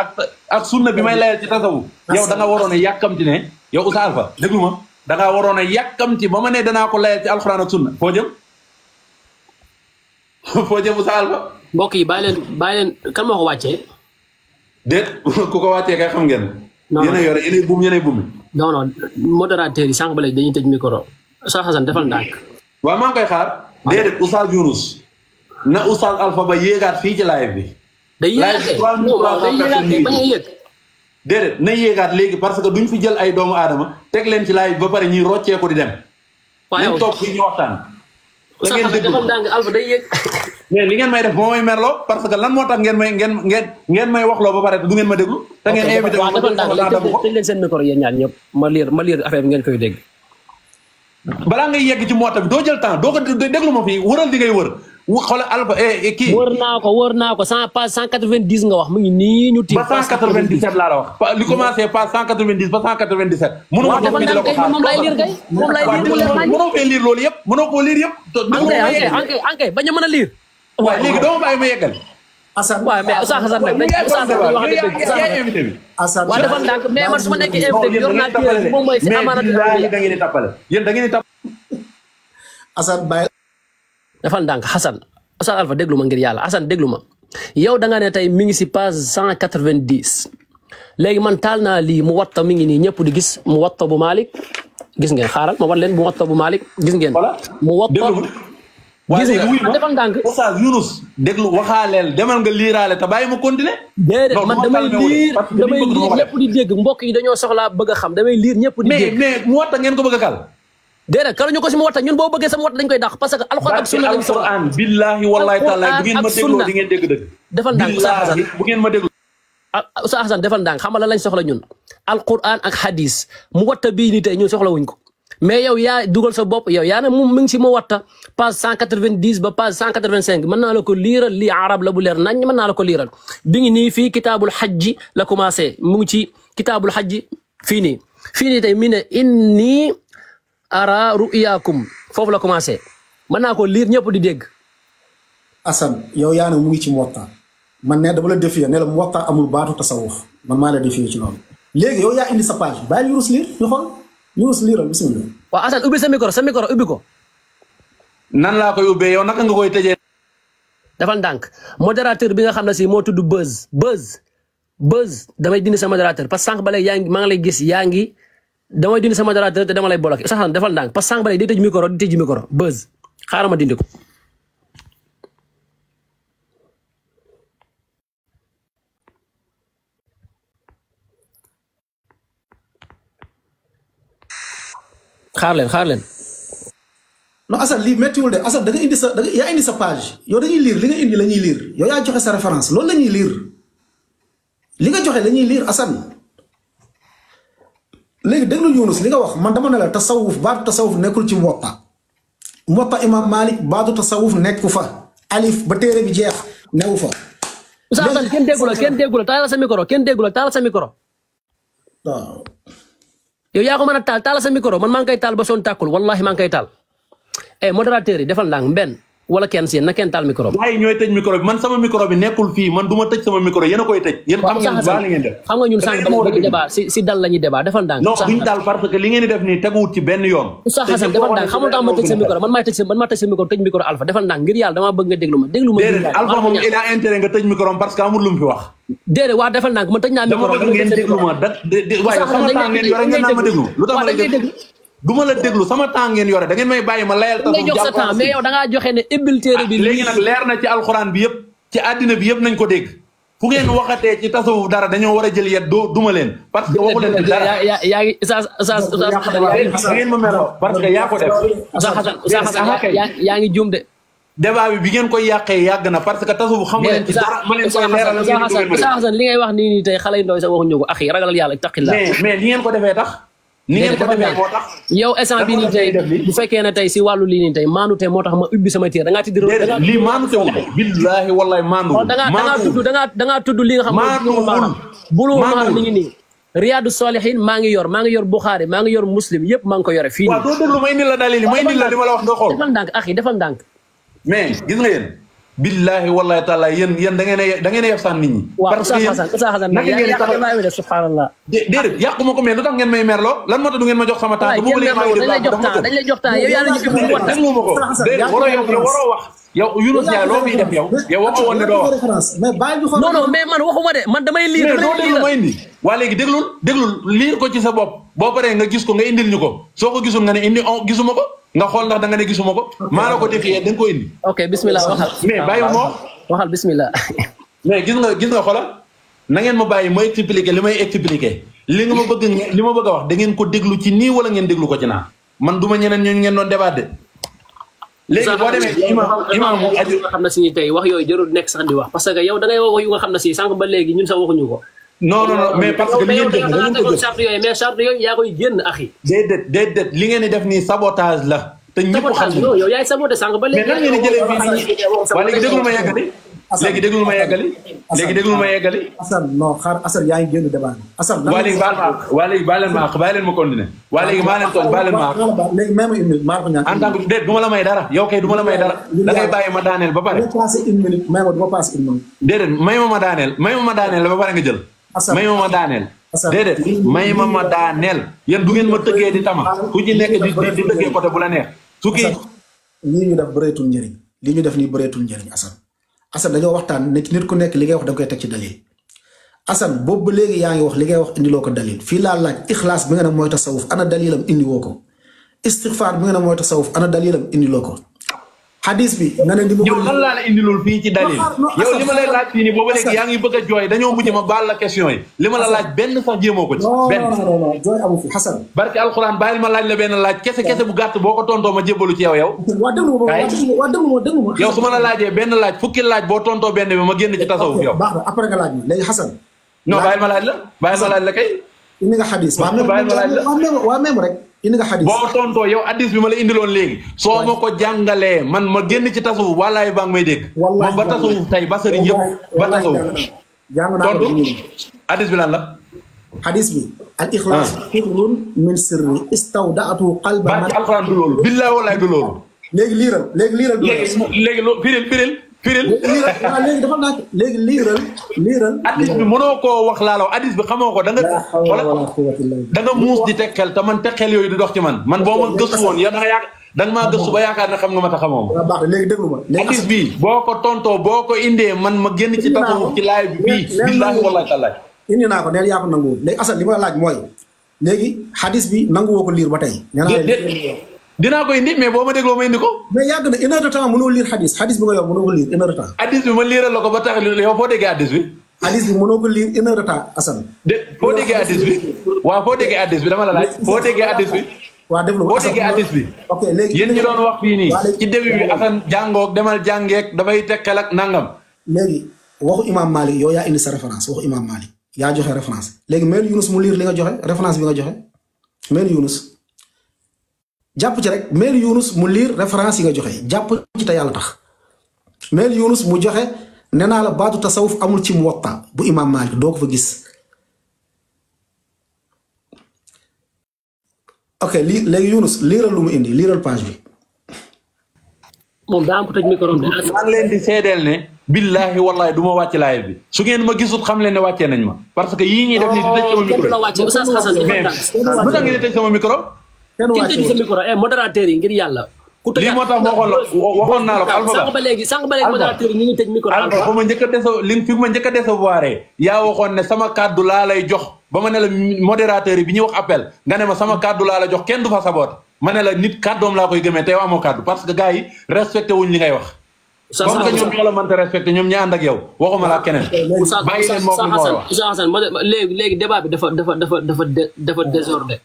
ak sunna bi may layal ci tasawuf yow da nga waroon a yàkkamti ne yow oustaz fa déglu da ngaa waroon a yàkkamti ba ma ne danaa ko layal ci alxuraan ak sunna foo jëm *laughs* foo jëm Moussa Alpha. mbokk yi bàyyi leen bàyyi leen kan moo
ko wàccee. déet ku ko wàccee kay xam ngeen.
non non yéen a yore yéenay
buum yéenay buum. non non yi sànq ba léegi dañuy tëj micro. Oustaz Assane defal ndànk. waa maa ngi koy xaar. déedéet Oustaz Younus. na Oustaz Alpha ba yéegaat fii ci live bi. day
yéegaat de day
yéegaat déedéet na yéegaat léegi parce que duñ fi jël ay doomu aadama teg leen ci laay ba pare ñuy roccee ko di dem. ñu nañ toog fii ñu waxtaan. da ngeen déglu alfa day yegg *laughs* mais li ngeen may def moo may merloo parce que lan moo tax ngeen may ngeen ngeen ngeen may wax waxloo ba pare du ngeen ma déglu. da ngeen invité dafa ma déglu tëj
leen seen micro yeen ñaan ñëpp ma lire ma lire affaire bi ngeen koy dégg. bala ngay yegg ci moo tax doo jël temps doo ko
déglu ma fi wëral di ngay wër xol alba eh, eh kii.
100 naa ko wër naa ko cent page cent quatre
vingt dix nga wax mu ngi nii ñu. tiim ba cent la wax. li commencé page cent ba cent quatre vingt ko fi la ko xaar lay lire kay. moom lay lire mu leer nañ mënoo fee lire loolu yëpp mënoo koo lire yëpp. ankay
ankay bañ a mën Asal lire. waaw léegi doo ma bàyyi ma yeggal. Assane waaw mais Oustaz Assane nag dañ Oustaz Assane wax dëgg Assane waaw dafa ndànk mais man su ma nekkee invité bi yor naa kii moom mooy si amaana. mais da ngeen di tappale yéen da ngeen di tappale. Assane bàyyi dafal Dank Hasan, hasan alfa déglu ma ngir yalla hasan degluma yow da nga ne tay mi ngi ci page 190 quatre man talna li mu watta mi ngi ni ñepp di gis mu watta bu malik gis ngeen xaaral ma war leen mu watta bu malik gis ngeen. mu watta gis nga defal Dank, Oustaz Yunus, déglu waxaaleel demal nga liiraale te bàyyi ma continuer. déedéet man damay liir damay liir ñëpp di dégg mbokk yi dañoo soxlaa bëgg xam damay liir di mais mais mu watta ngeen ko bëgg kal dena kala ñu ko ci mu watta ñun bo bëgge sama watta dañ koy dakh parce que alquran ak sunna lañ soxla alquran billahi wallahi taala bu ngeen ma deglu di ngeen deg deug defal ndànk sa hasan bu ngeen ma deglu sa hasan defal ndànk xam nga lañ soxla ñun alquran ak hadith mu watta bi ni tey ñu soxla wuñ ko mais yow ya duggal sa bop yow ya na mu ngi ci mu watta page 190 ba page 185 man na la ko lire li arab la bu leer nañ man na la ko lire bi ngi ni fi kitabul hajj la commencé mu ngi ci kitabul hajj fini fini tay mine inni ara ru'yakum fofu la commencé manako lire ñep di dégg asan yow yaana mu ngi ci muwatta man né da bala
defee né la muwatta amul baatu tasawuf man maa la defee ci lool légui yow ya indi sa page ba yurus liir
ñu ñu yurus ra bismillah wa asan ubi sa micro sa micro ubi ko
nan la koy ubé yow nak nga koy tejé
dafa ndànk modérateur bi nga xamna si moo buzz buzz buzz damay dindi sa modérateur parce que sànq ba léegi yaa ngi lay gis yaangi damay dindi sama dara te dama lay bloqué sax defal ndànk parce sang balay ba tej micro di tej micro buzz xaram ma dindi ko. xaar leen xaar leen. non Assane lii méttiwul de
Assane da nga indi sa da nga ya indi sa page yow dañuy lire li nga indi lañuy lire yo ya joxe sa reference loolu lañuy lire
li nga joxe lañuy lire Assane. léegi déglu Yunus li nga wax man dama ne la tasawuf baatu tasawuf nekkul ci Muwatta Muwatta Imam Malik baatu tasawuf nekku fa alif ba téere bi jeex newu fa. Oustaz Assane kenn déggu la kenn
déggu la sa micro kenn déggu la taal sa micro. waaw. yow yaa ko a taal taal sa micro man maa ngi koy taal ba son tàkkul wallahi maa ngi koy taal. eh modérateur yi defal ndànk mbenn wala kenn si na kenn taal micro bi.
waaye ñooy tëj micro bi man sama micro bi nekkul fii man du ma tëj sama micro yéen a koy tëj. yéen xam ngeen baax ngeen def xam nga ñun sànq dañuy débat
si si dal la ñuy débat
defal ndànk. non duñ daal parce
que li ngeen di def nii teguwut ci benn yoon. Oustaz Assane defal ndànk xamul tax ma tëj sa micro man maay tëj sa man maa tëj sa micro tëj micro Alpha defal ndànk ngir yàlla damaa bëgg nga déglu ma déglu ma. déedéet Alpha moom il a intérêt nga tëj micro parce que amul lu mu fi wax. déedéet waa defal ndànk man tëj naa micro. dama bëgg ngeen déglu ma da waaye sama temps ngeen yore ngeen naa ma déglu
lu tax ma lay déglu du ma la déglu sama temps ngeen yore da ngeen may bàyyi ma layal. taw jox sa temps mais yow
da ngaa joxe ne ibbil téere bi. léegi nag leer
na ci alxuraan bi yëpp. ci àddina bi yëpp nañ ko dégg. fu ngeen waxatee ci tasawuf dara dañoo war a jël yet doo duma leen. parce que waxu leen ci dara yaa yaa yaa ngi saa saa saa ngeen ma meloo parce que yaa ko def. saa xasan yaa ngi juum de. débat bi bi ngeen koy yàqee yàgg na parce que tasawuf xamu leen ci dara ma leen koy leeral. saa
xasan li ngay wax nii nii tey xale yu ndaw sax waxuñu ko axi ragalal yàlla taqillah mais mais li ngeen ko defee tax ni ngeen tax yow instant bi nii bu fekkee ne tey si wàllu lii nii tey maanute moo tax ma ubbi sama téere da ngaa tiddi lii maanute wul billaahi wallaahi maanduwul oh, da ngaa da ngaa tudd da ngaa da ngi nii riyaadu solihin maa ngi yor maa ngi yor buxaari maa ngi yor muslim yëpp maa ngi ko yore fii waaw doo déglu may indil la dalil yi may indil la li ma nga xool ah,
mais gis nga yéen billahi wallahi taala yeen yeen da ngeen da ngeen yeb saan nit ñi parce que yéen ya, ya,
ya, subhanallah
déedéet yàquma ko mais lu tax ngeen may merlo lan moo tax du ngeen ma jox sama temps bu ma lay may dañ lay jox temps yow yàlla ñu ko mu wax dañ muma ko deer waro yow waro wax yow yunus ya lo mi def yow yow waxoo woon ne doo
wax non non mais man waxuma de man damay lire doo déglu may
indi wa legi deglul deglul lire ko ci sa bop bo bare nga gis ko nga indil ñuko soko gisul nga ne indi oh, gisuma ko nga xool ndax da nga ne gisuma ko. maa ko
defee da nga ko indi. ok bismillah waxal. mais ah, bàyyi ma *laughs*
mais gis nga gis nga xoolal na ngeen ma bàyyi ma expliquer li may expliquer li nga ma bëgg li ma bëgg a wax da ngeen ko déglu ci nii wala ngeen déglu ko ci naa man du ma ñeneen ñooñu ngeen doon débat de. léegi boo demee imaam
imaam mu aju nga xam ne si tey wax yooyu jarul nekk sax di wax parce que yow da ngay wax yu nga xam ne si sànq ba léegi ñun sax waxuñu ko non non non mais parce que li ngeen def da ngeen ko jël charte yooyu mais charte yooyu yaa koy génn axi déedéet déedéet li ngeen di def nii sabotage la te ñëpp xam nañu yow yaay saboté sànq ba léegi mais nan ngeen di jëlee fii nii waa léegi déglu ma yeggali
léegi déglu ma yeggali léegi déglu ma
yeggali Assane non xaar Assane yaa ngi génn débat
Assane waa léegi baal ma waa léegi baal leen ma àq baal leen ma continuer waa léegi maa leen toog baal leen ma àq léegi même une minute maa ko ñaan en tant que déet du ma la may dara yow kay du ma la may dara da ngay bàyyi ma daaneel ba pare passé une minute may ma du ma passé une minute déedéet may ma ma daaneel may ma ma daaneel ba pare nga jël may ma ma daaneel. déedéet may ma ma daaneel. yéen du ngeen ma tëggee di tama ku ci nekk di di bu la neex.
su kii lii ñu def bëreetul njëriñ lii ñu def nii bëreetul njëriñ Assane Assane dañoo waxtaan nit nit ku nekk li ngay wax da koy teg ci dalil Assane boobu ba léegi yaa ngi wax li ngay wax indiloo ko dalil fii laa laaj ixlaas bi nga ne mooy tasawuf ana dalilam indiwoo ko istixfaar bi nga ne mooy tasawuf ana dalilam indiloo ko
xadis bi nga di ma. yow laa la indilool fii ci dalil yow li ma lay laaj fii nii booba léegi yaa ngi bëgg a jooy dañoo mujj ma baal la question yi. li ma la laaj benn sax jéemoo ko ci. benn barke alxuraan bàyyil ma laaj la benn laaj kese kese bu gàtt boo ko tontoo ma jébbalu ci yow yow.
waa su ma
la laajee benn laaj fukki laaj boo tontoo benn bi ma génn ci tasawuf yow. baax na après laaj la bàyyil ma laaj la kay indi nga xadis. waaw même
waaw même rek. indi nga xadis boo
tontoo yow addis bi ma la indiloon léegi soo ko jàngalee man ma génn ci tasawuf wallaay baa ngi may dégg moom ba tasawuf tey ba sëriñ yëpp ba tasawuf jàng naa ko addis bi
lan la bi ah. alxuraan du loolu billaay wallaay du léegi liiral léegi
liiral léegi léegi firil waaw léegi dafa naa léegi liiral liiral addis bi mënoo koo wax laalo addis bi xamoo ko da nga wala da nga muus di teg xel te man teg xel yooyu di dox ci man man boo ma gëstu woon yow da nga maa gëstu ba yaakaar ne xam nga ma ta xamoo ma baax léegi déglu ma addis bi boo ko tontoo boo ko indee man ma génn ci tasawuf ci laay bi bii billaahi wallaahi tallaay indi naa ko neel yaa ko nanguwul léegi asal li ma laaj mooy léegi xadis bi nanguwoo ko liir ba tey nee naa dinaa koy indi mais boo ma dégloo ma indi ko. mais ko lire une heure
de temps. xadis
bi ma liiral la waaw foo déggee xadis bi dama la laaj boo déggee hadis bi ok léegi yéen ñi doon wax fii nii ci début bi Assane jàngoog demal jàngeeg dafay tekkal ak nangam
léegi waxu imam Malik yow yaa sa référence waxu imam Malik yaa joxe référence léegi mel Yunus mu liir li nga joxe référence bi nga joxe mel Yunus japp ci rek mel yunus mu lire reference yi nga joxe japp ci ta yalla tax mel yunus mu joxe nena la baatu tasawuf amul ci muwatta bu imam malik do ko fa gis
ok li leg yunus liral lu mu indi liral page bi mom da am ko tej micro de man len di sédel ne billahi wallahi duma wacc live bi su ngeen ma gisut xam len ne wacce nañ ma parce que yi ñi def ni di tej micro lu tax ngeen tej sama micro kenn wàcce ci micro eh modérateur yi ngir yàlla ku li moo tax waxoon la la ko alpha ba
léegi sànq ba léegi modérateur
yi ngi tëj micro alpha ba ma njëkk a deso fi ma sama kàddu laa lay jox ba ma la modérateur bi wax appel nga ma sama kàddu laa la jox kenn du fa saboot ma la nit kàddoom laa koy gëmee te yow amoo kàddu parce que gars respecté wuñ li ngay wax comme que ñoom ñoo la mënta respecté ñoom ñaa ànd ak yow waxuma la ko
wax débat bi dafa dafa dafa dafa dafa désordre.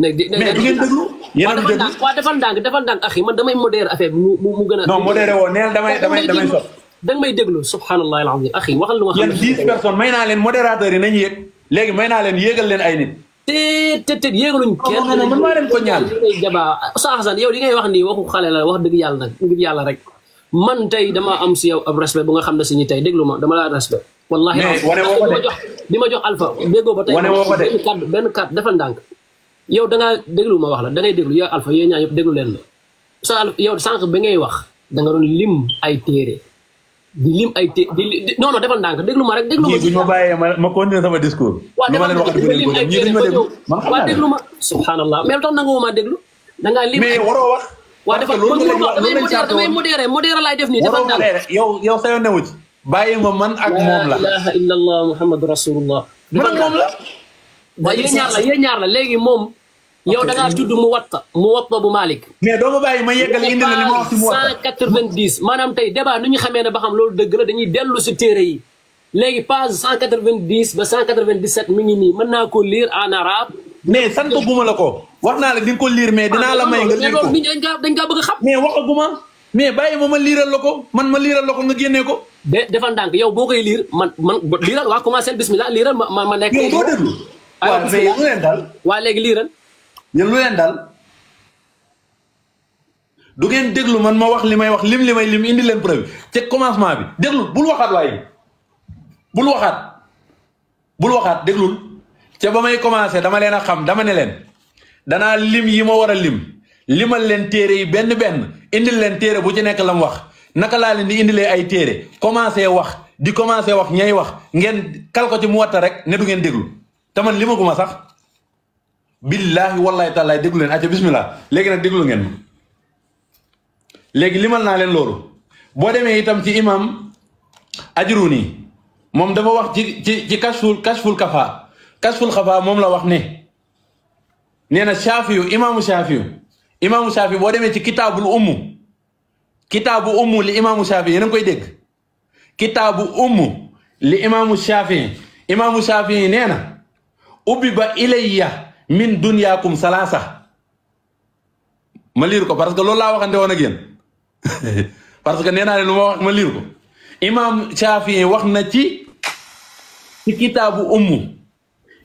mais du ngeen déglu yéen a déglu waaw defal ndànk defal ndànk axi man damay modéré affaire bi mu mu gën a. non modéré woo neel damay damay damay sopp. da nga may déglu subhanallah alazim axi waxal lu ma xam ne yéen dix
may naa leen modérateur yi nañu yéeg léegi may naa leen yéegal leen ay nit. te te te yéegaluñ kenn. non man
maa leen ko ñaan. jaba sa Hasan yow li ngay wax nii waxu xale la wax dëgg yàlla nag ngir rek man tey damaa am si yow respect bu nga xam ne si ñi tey déglu ma dama laa respect. wallahi li ma jox alpha déggoo ba tey benn kàddu benn kàddu defal ndànk yow da ngaa ma wax la da ngay déglu yow Alpha yéen ñaa yëpp déglu leen la sa sànq bi ngay wax danga nga doon lim ay téere di lim ay té di non non defal ndànk déglu ma rek déglu ma. ñii bu ma
bàyyee ma ma continuer sama discours. waaw defal ndànk di lim ay téere ba ñëw
waaw ma. subhanallah mais tax nangu ma déglu. da ngaa lim mais waroo wax. waa dafa loolu lañ wax loolu lañ caa def nii defal ndànk. yow yow sa yoon newu ci. man ak moom la. la ilaha illallah muhammadu rasulullah. man moom la. la yéen ñaar la léegi moom
yow da ngaa tudd Muwatta
Muwatta bu malik. mais do ma baye ma yegal indi na li wax ci Muwatta 190 manam tay débat nuñu xamé na ba xam lolu deug la dañuy dellu ci téré yi légui page 190 ba 197 mi ngi ni mën na ko lire en arabe. mais sant guma lako ko. wax naa la di ko lire mais dina la ah, may nga lire ko mais dañ kaa dañ kaa bëgg xam. mais guma mais baye ma ma lire lako man ma lire lako nga génné ko. de defal ndànk yow bokay lire man man lire wa commencer bismillah lire ma ma nek nekk. yow doo déglu
ñun lu leen dal du ngeen déglu man ma wax li may wax lim li may lim indi leen preuve ci commencement bi déglu bul waxaat waaye bul waxat bul waxaat déglul ca ba may commencé dama leen a xam dama ne leen dana lim yi ma wara lim limal leen téré yi benn benn indil leen téré bu ci nekk lam wax naka la leen di lay ay wak. commencé wax di commencé wax ñay wax ngeen kal ko ci mu wata rek ne du ngeen déglu limaguma sax billaahi wallaahi taalaay déglu leen acca bismillah léegi na déglu ngeen ma léegi limal naa leen loolu boo demee itam ci imam ajruni moom dafa wax ci ci ci kasful kasful kafa kasful kafa moom la wax ne nee na shaafiyu imaamu shaafiyu imaamu shaafiyu boo demee ci kitaabul ummu kitaabu ummu li imaamu shaafiyu yéen a ngi koy dégg kitaabu ummu li imaamu shaafiyu imaamu shaafiyu nee na ubbi ba ilayya min dunyakum salasa ma lire ko parce que loolu la waxande won ak yeen *laughs* parce que nee len ne wax ko imam chafi wax ci ci kitab ummu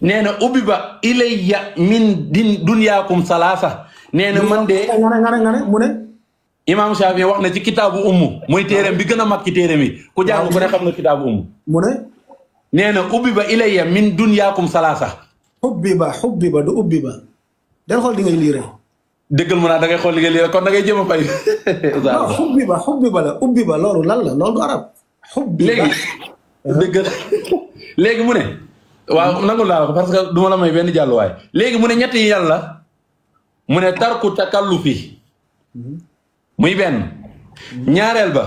nee ubiba ilayya min din dunyakum salasa salasa. man de imam chafi imaam wax na ci kitab ummu moy terem bi gëna mak ci terem yi ku jàng ko ne xamna kitab ummu mu ne ubiba na ilayya min dunyakum salasa hubbiba hubbiba du ubbiba
del xol di ngay lire
deugal mo na da ngay xol li ngay lire kon da ngay jëm fay *laughs*
hubbiba hubbiba la ubbiba lolu lan la lolu arab hubbiba legi deugal
legi mu ne waaw nangul la ko parce que duma la may benn jàlluwaay léegi mu ne ñet yi yalla mu ne tarku takallufi muy ben ñaarel ba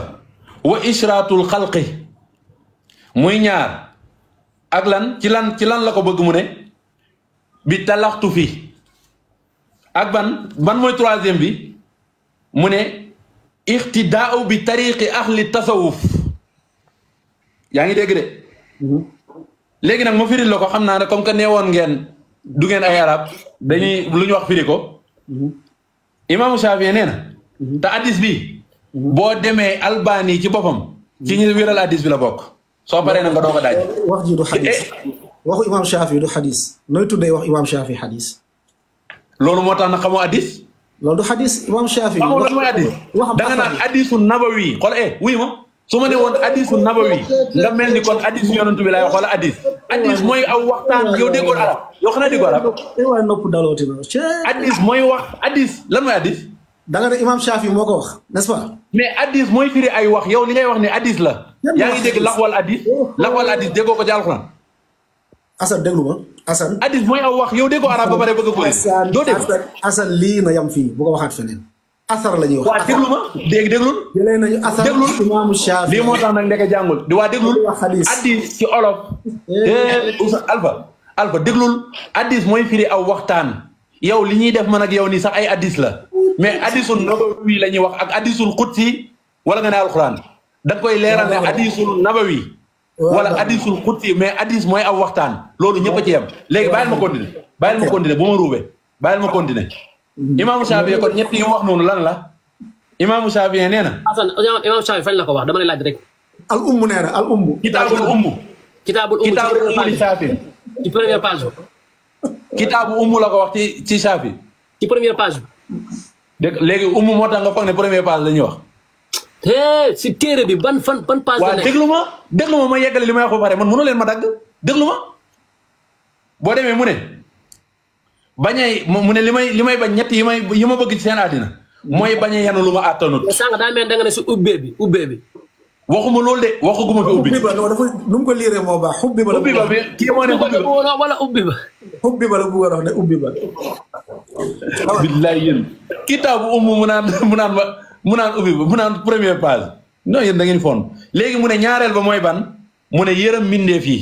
wa israatul khalqi, muy ñaar ak lan ci lan ci lan la ko bëgg mu ne bi talaxtu fi ak ban ban mooy troisième bi mune, ihtida'u bi tariqi ahli tasawuf ya ngi deg de mhm. legui nak mo firil lako xamna xam comme que newon ngene du ngene ay arab dañuy mhm. lu wax firi ko mhm. imam Shaafi neena ta hadith bi bo deme albani ci bopam ci ñu wiral hadith bi la bok so paree na nga wax ji
du hadith eh, waxu imaam Shafi du xadis nooy tuddee wax imaam Shafi xadis. loolu moo tax na xamoo hadis. loolu du hadis imaam Shafi. waxul lan mooy hadis da nga naan hadisu
nabawi xool eh wuy ma woon hadisu nabawi nga mel ni kon hadisu yonent bi laay xool hadis. hadis mooy aw waxtaan yow déggoo arab yow xanaa déggoo arab. mooy wax hadis lan mooy hadis. da nga moo ko wax n'est-ce pas. mais mooy firi ay wax yow li ngay wax ne hadis la. yaa ngi dégg laxwal hadis. laxwal hadis déggoo ko ci alxuraan. Assane déglu ma Assane. Addis mooy aw wax yow déggoo arab ba pare bëgg a góore. doo dégg Assane lii na yam fii bu ko waxaat feneen. asar la ñuy wax. waaw déglu ma dégg déglul. jëlee nañu asar imaamu addis ci olof. Eh. Eh, Alpha. Alpha déglul addis mooy firi aw waxtaan. yow li ñuy def man ak yow nii sax ay addis la. mais addisul nabawi la ñuy wax ak addisul xutsi wala nga ne alxuraan. da koy leeral ne addisul nabawi. wala hadisul xudsi mais hadis mooy aw waxtaan. loolu ñëpp a ci yem léegi bàyyil ma continuer. bàyyil ma continuer bu ma ruubee bàyyil ma continuer. Mhm. imaamu Saafi kon ñett yi wax noonu lan la. imaamu Saafi nee na. Assane imaamu Saafi fan la ko wax dama lay laaj rek. al ummu nee na al ummu. kitaabul ummu. kitaabul ummu kitaabul ummu li Saafi. ci première page. la ko wax ci ci Saafi. ci première page. dégg léegi ummu moo tax nga foog ne première page la ñuy wax. hee si téere bi ban fan ban page la nekk ma ma yeggale li may wax ba pare man mënu leen ma dagg déglu boo demee mu ne bañay mu ne li may li may bañ ñett yi may yi ma bëgg ci seen àddina mooy bañ a yanu lu ma àttanut.
mais sànq daa mel da ne si
ubbee bi ubbee bi. waxuma loolu de waxaguma fi ubbi. ba nu mu ko liiree moo baax. ubbi ba la ubbi ba bi ba la bu a wax ubbi ba. billaay yéen kitaabu umu mu naan mu naan ma. mu naan ubbi ba mu naan première page non yeen da ngeen fon léegi mu ne ñaarel ba moy ban mu ne yeeram minde fi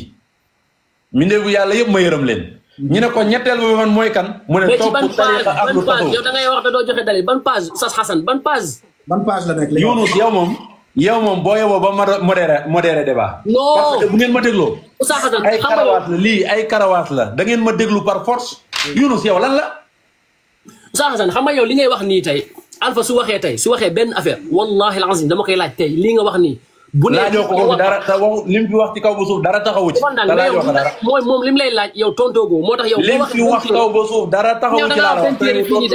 minde bu yalla yeb ma yeeram len ñu ne ko ñettel bu man moy kan. mu ne topp tariqa ak lu yow da
ngay wax da joxe dalil ban page sas hasan ban page. ban page la nek léegi yunus yow
mom, yow mom boye wo ba modéré modéré débat. non parce que bu ngeen ma deglo ay karawat la li ay karawat la da ngeen ma deglu par force. Yunus yow
lan la. Oustaz Assane xam nga yow li ngay wax Alpha su waxe tay su waxe ben affaire wallahi alazim dama koy laaj tay li nga wax ni bu ne laajoo ko dara taw lim fi wax ci kaw ba suuf dara taxawu ci. te laajoo ko dara moy mom lim lay laaj yow tonto go motax yow. lim fi wax kaw ba suuf dara taxawu ci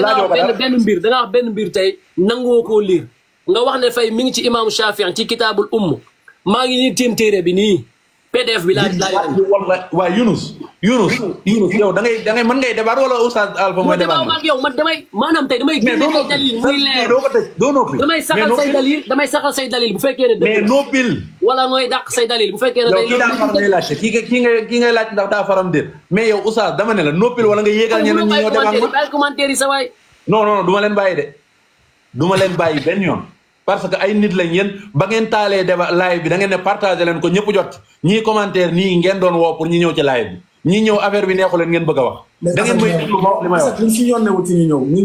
la wax ben ben mbir da nga wax ben mbir tay nangoo koo liir nga wax ne fay mi ngi ci imam Shafii ci kitabul umm ma ngi ni tim tere bi ni PDF waa laa laa wala waaye Younus Younus da ngay da ngay mën ngay débat wala oustaz Alpha mooy débat ak yow man damay maanaam tey damay génne ay dalil muy leer doo ko tëj doo noppil damay saxal say dalil damay saxal say dalil bu fekkee ne mais noppil wala nooy dàq say dalil bu fekkee ne kii daa far ngay laajte
nga kii ngay laaj ndax daa faram déet mais yow dama ne la noppil wala nga yéegal ñeneen ñi ñoo débat
commentaire yi sa ma
leen bàyyi de du ma leen bàyyi benn yoon parce que ay nit lañ yéen ba ngeen taalee débat live bi ne leen ko ñëpp jot ñii commentaire nii ngeen doon woo pour ñi ñëw ci live bi ñëw affaire bi neexu leen ngeen bëgg a wax. da ngeen may déglu ma li may wax
li si yoon newul ci ñu ñëw ñu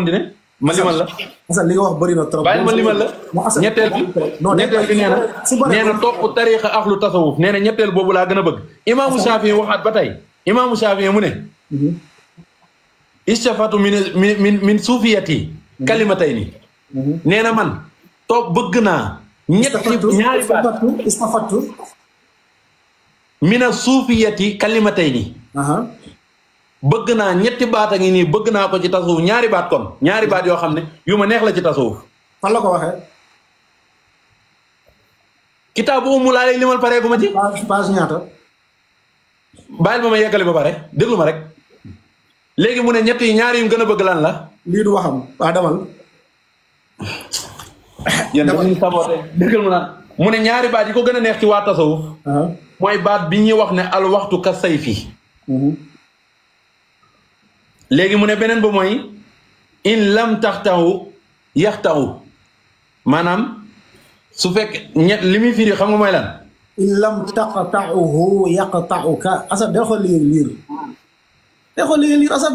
ñëw limal la Assane li ma limal la ñetteel bi ñetteel bi nee na nee na topp tariixa tasawuf nee ñetteel boobu laa gën a bëgg imaamu Shaafi waxaat ba tey imaamu Shaafi mu ne mhm. istafatu min min min suufiyati kalimatay nii. nee na man toog bëgg naa. ñetti ñaari baat istafattu mina suufiyati kalimatay nii. bëgg naa ñetti baat a ngi nii bëgg naa ko ci tasawuf ñaari baat kon ñaari baat yoo xam ne yu ma neex la ci tasawuf. fan ko waxee. kitaabu umu laa léegi li ma paree gu ma ci. bàyyil ma ma yeggali ba pare déglu ma rek. léegi mu ne ñett yi ñaari yu gën a bëgg lan la. lii du waxam waa demal. yéen mu ne ñaari baat yi ko gën a neex ci waa tasawuf uh-huh. mooy baat bi ñuy wax ne al waxtu ka sayfi uh-huh. léegi mu ne beneen ba mooy in lam yax yaxtahu
maanaam su fekk ñett li muy firi xam nga mooy lan in lam taxtahu yaxtahuka asad del xool li ngeen liir del xool li ngeen
liir asad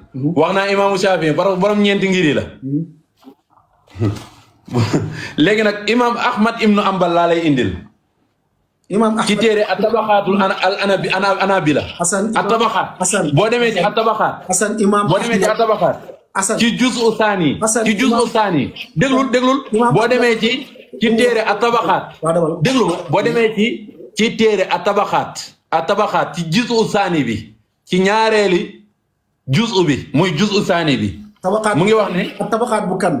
وانا امام شافعي بروم نينت غيري لا لغي نك امام احمد ابن امبل لا انديل امام احمد تيري الطبقات انا انا انا انا بلا حسن الطبقات حسن بو ديمي الطبقات حسن امام بو ديمي الطبقات حسن كي جزء ثاني كي جزء ثاني دغلول دغلول بو ديمي تي تيري الطبقات دغلول بو ديمي تي تيري الطبقات الطبقات كي جزء ثاني بي كي نياريلي juzu bi muy juzu saani bi. tabaxaat mu ngi wax ne. tabaxaat bu kan.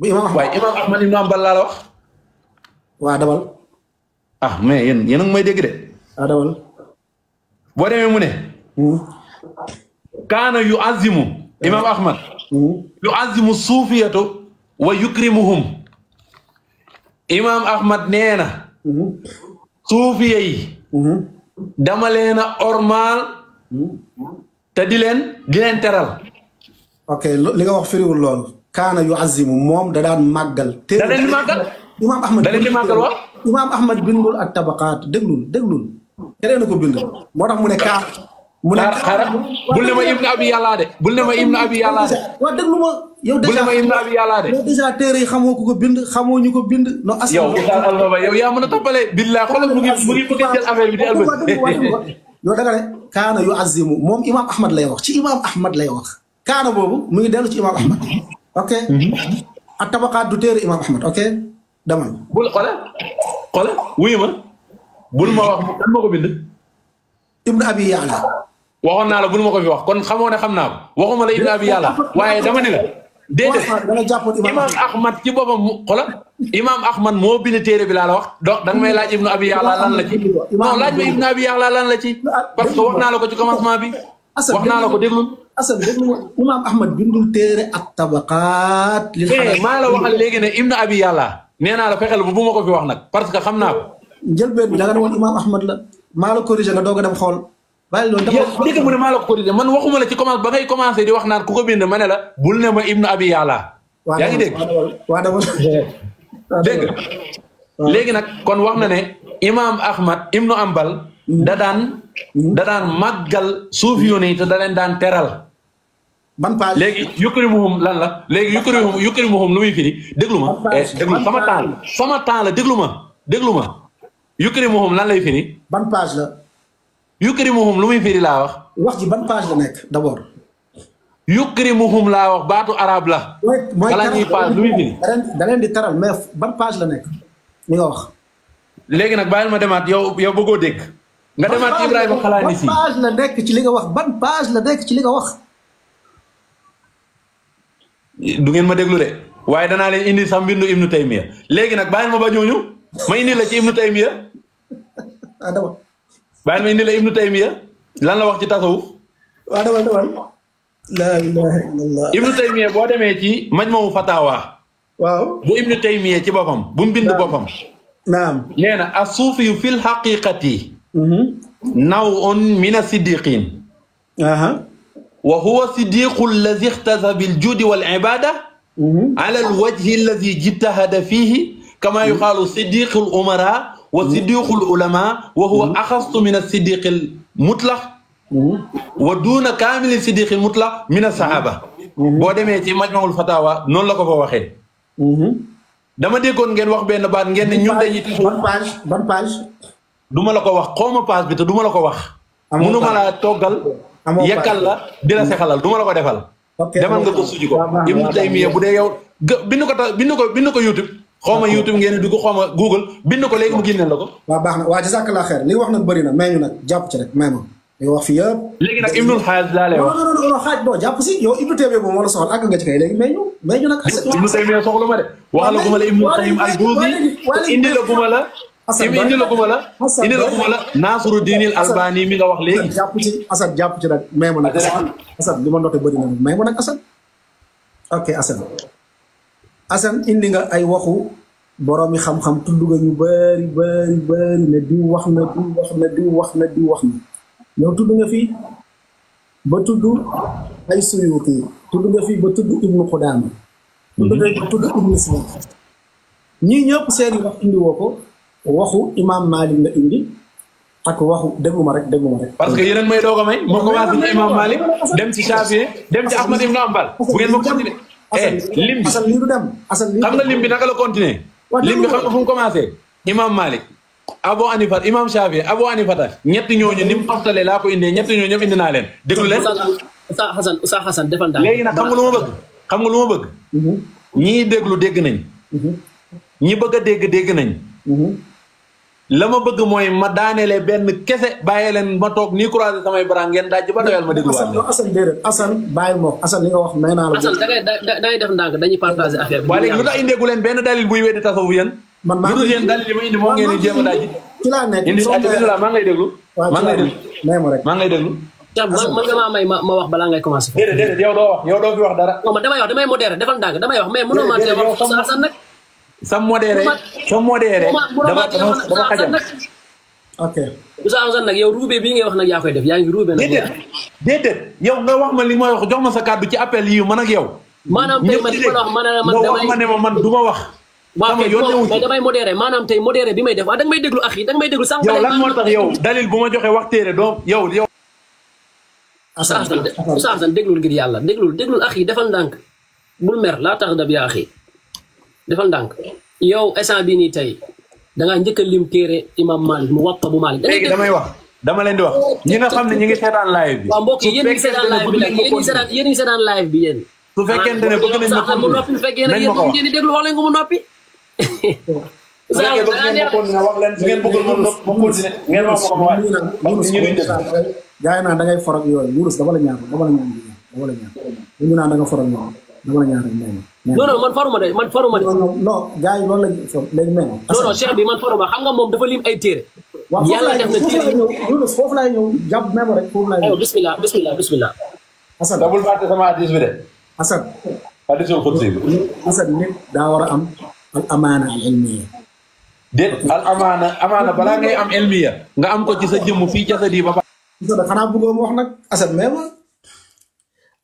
bu waaye imaam Ahmad ibn Hanbal laa wax. waa dabal. ah mais yéen yéen a ngi may dégg de. waa dabal. boo demee mu ne. Hmm. kaana yu azimu. imaam Ahmad. Hmm. yu azimu suufiyatu wa yukrimuhum. imaam Ahmad nee na. Hmm. yi. dama leen ormaal. te di leen di leen
teral. ok li nga wax firiwul lool. kaana yu azimu moom da daan màggal. da leen di màggal imaam Ahmad da leen di màggal wax. imaam Ahmad bindul ak tabaqaat déglul déglul. keneen na ko bind. moo tax mu ne kaa. mu ne xaaral bul ne ma
ibnu abi yàllaa de. bul ne ma ibnu abi yàllaa de. waaw déglu ma yow dèjà bul ne ma ibnu abi yàllaa de. yow dèjà téere yi xamoo ko ko bind xamoo ñu ko bind. non as yow yaa mën a toppale. billaay xoolal mu ngi mu ngi bëgg a jël affaire bi di
loolu da nga ne kaana yu azimu moom imaam Ahmad lay wax ci imaam Ahmad lay wax kaana boobu mu ngi dellu ci imaam Ahmad ok ak tabaqaat du téere imaam Ahmad ok demal bul xole xole wuyu ma bul ma wax
kan ma ko bind ibnu abi yaala waxoon naa la bul ma ko fi wax kon xamoo ne xam naa ko waxuma la ibnu abi yaala waaye dama ni la déedéet imaam Ahmad ci boppam mu xoolal imaam Ahmad moo bind téere bi laa la wax donc da nga may laaj ibnu abi yaxla lan la ci
non laaj ma ibnu abi yaxla lan la ci parce que wax naa la ko ci commencement bi wax naa la ko déglul asal ma imaam Ahmad bindul téere ak tabaqaat lil eh, maa la waxal léegi ne
ibnu abi yaxla nee naa la fexeel bu bu ma ko fi wax nag parce que xam naa ko njëlbeen bi da nga ne woon imaam Ahmad la maa la corrigé nga doog a dem xool bàyyi loolu dama ne maa la ko corrigé man waxuma la ci commence ba ngay commencé di wax naan ku ko bind ma ne la bul ne ma ibnu abi yàlla yaa ngi dégg
waaw *laughs*
léegi nag kon wax na ne imaam ahmad ibnu ambal da daan hmm. da suuf yoon yi da leen daan teral ban page léegi yukrimuhum lan la léegi yukrimuhum yukrimuhum lu muy firi déglu ma eh, déglu sama temps la sama temps la déglu ma déglu ma lan lay firi la yukrimuhum lu muy firi laa wax. wax ji ban page la nekk d' abord. yukrimuhum laa wax baatu arab la. mooy taral page lu muy firi.
da di taral mais ban page la nekk
li nga wax. léegi nag bàyyil ma demaat yow yow bëggoo dégg. nga demaat Ibrahima xalaani si ban
page la ci li nga wax ban page la nekk ci li nga wax.
du ngeen ma déglu de waaye danaa leen indi sax mbindu Ibnu Taymiya léegi nag bàyyil ma ba ñooñu ma indi la ci Ibnu Taymiya. *laughs* Ah, بعد ما يندي لابن تيمية لان لا وقت تاسو
وانا وانا وانا لا اله الا الله ابن
تيمية بعد ما يجي مجموع فتاوى واو بو ابن تيمية تي بفهم بوم بند بفهم نعم نعم الصوفي في الحقيقة نوع من الصديقين اها وهو صديق الذي اختز بالجود والعبادة على الوجه الذي اجتهد فيه كما يقال صديق الأمراء وصديق العلماء وهو أخص من الصديق المطلق ودون كامل الصديق المطلق من الصحابة بودي ميت مجمع الفتاوى نون لا كفوا واحد دما ديكون جن وقت بين بان جن نيوم دي بان باج بان باج دوما لا كوا قوم باج بيتو دوما لا كوا منو ملا توغل يكال لا دلا سخلال دوما لا كوا دفال دما نقول سجيكو يوم تيمية بودي يو بينو كتا بينو كو بينو كو يوتيوب xaw ma YouTube ngeen dugg xaw ma Google bind ko léegi mu génneel la ko. waaw baax na waa jazakallah xeer li wax
nag jàpp ci rek may ma li wax fi yëpp.
léegi nag Ibnul wax.
non non la soxla àgg nga ci kay léegi may ñu may wax la guma la
Ibnu Qayyim jàpp
ci Assane jàpp ci nag may ma nag. Assane li ma noté bëri may ma nag Assane. ok Assane. asan indi nga ay waxu boroomi xam-xam tuddu ga ñu bari bari bari ne di wax na di wax na di wax na di wax na yow tuddu nga fi ba tuddu ay suyuti tuddu nga fi ba tuddu ibnu qudama tuddu ibnu sina ñi ñepp seen wax indi woko waxu imam malik la indi ak waxu deguma rek deguma rek parce que
yeneen may doga may mo ko wax imam malik dem ci shafié dem ci ahmad ibn ambal bu ngeen ma continuer Eh, lim bi Assane lii du dem xam nga lim bi naka la continuer lim bi xam nga fu mu commencé hmm. imam Malik Abu Hanifa imam Shafi Abu Hanifa ta ñetti ñooñu ni mu xastalee laa ko indee ñetti ñooñu ñëpp indi naa leen déglu leen Oustaz Assane
Oustaz Assane defal daal léegi xam nga lu ma bëgg
xam nga lu ma bëgg hmm. ñii déglu dégg nañ hmm. ñi bëgg a dégg dégg nañ la ma bëgg mooy ma daanelee benn kese bàyyi leen ma toog nii croisé samay bras ngeen daj ba doyal ma dégluwaat. non Assane déedéet Assane bàyyi ma Assane li nga wax may naa la. Assane
da ngay da ngay def ndànk dañuy partagé affaire bi. waaye léegi lu tax indeegu leen benn
dalil buy weddi tasawuf yéen. man maa ngi leen dalil yi ma indi moo ngeen di jéem a daji.
ci laa nekk indi alhamdulilah maa ngi lay déglu. waaw ci laa nekk
may ma rek maa ngi lay déglu.
man man nga maa may ma ma wax balaa ngay commencé. déedéet déedéet yow doo wax yow doo fi wax dara. non man damay wax damay modéré defal ndànk damay wax mais mënoo maa tee wax Assane nag sa modéré sa ma dafa dafa xajam ok Moussa Amzane nag yow ruube bii ngay wax nag yaa koy def yaa ngi ruube yow nga wax ma li ma wax
jox ma sa kàddu ci appel yi man ak yow maanaam tey ma la man man ma ne ma man du ma wax
waaw mais damay modéré maanaam tey modéré bi may def waaw da nga may déglu ax yi da nga may déglu sax yow lan moo tax yow dalil bu ma joxee wax téere doo yow yow Moussa Amzane déglul ngir yàlla déglul déglul ax yi defal ndànk bul mer laa tax dab yaa ax yi defal dank yow instant bi ni tay da nga ñëkkal lim téré imam mal mu wakka bu Malik. légui damay wax dama leen di wax ñi nga xamne ñi ngi sétan live bi. wa mbokk yi ngi live bi sétan ngi sétan live bi yeen
su fekkente ne bëgg nañ ma ko wax su fekkee ne yéen ngeen
di déglu wax leen ko mu noppi. saa yu bëgg ngeen
ma ko wax leen su ngeen bëggul ma noppi ma continué ngeen wax ko waay. parce que ñu ngi def jaay naa boleh ngay
forog boleh non non man faruma de man faruma de. non non gars yi loolu lañ so léegi mel. non non cheikh bi man faruma xam nga moom dafa lim ay téere. yàlla def na téere waaw
foofu laay ñëw jàpp même rek foofu laay ñëw. bismillah
bismillah bismillah.
Assane dabul fàtte sama hadis bi de. Assane. hadisul xudsi bi. Assane nit daa war a am
al amaana al ilmiya. déet al amaana amaana balaa ngay am ilmiya nga am ko
ci sa jëmm fii jasadi ba. xanaa bëggoon wax nag Assane mais ma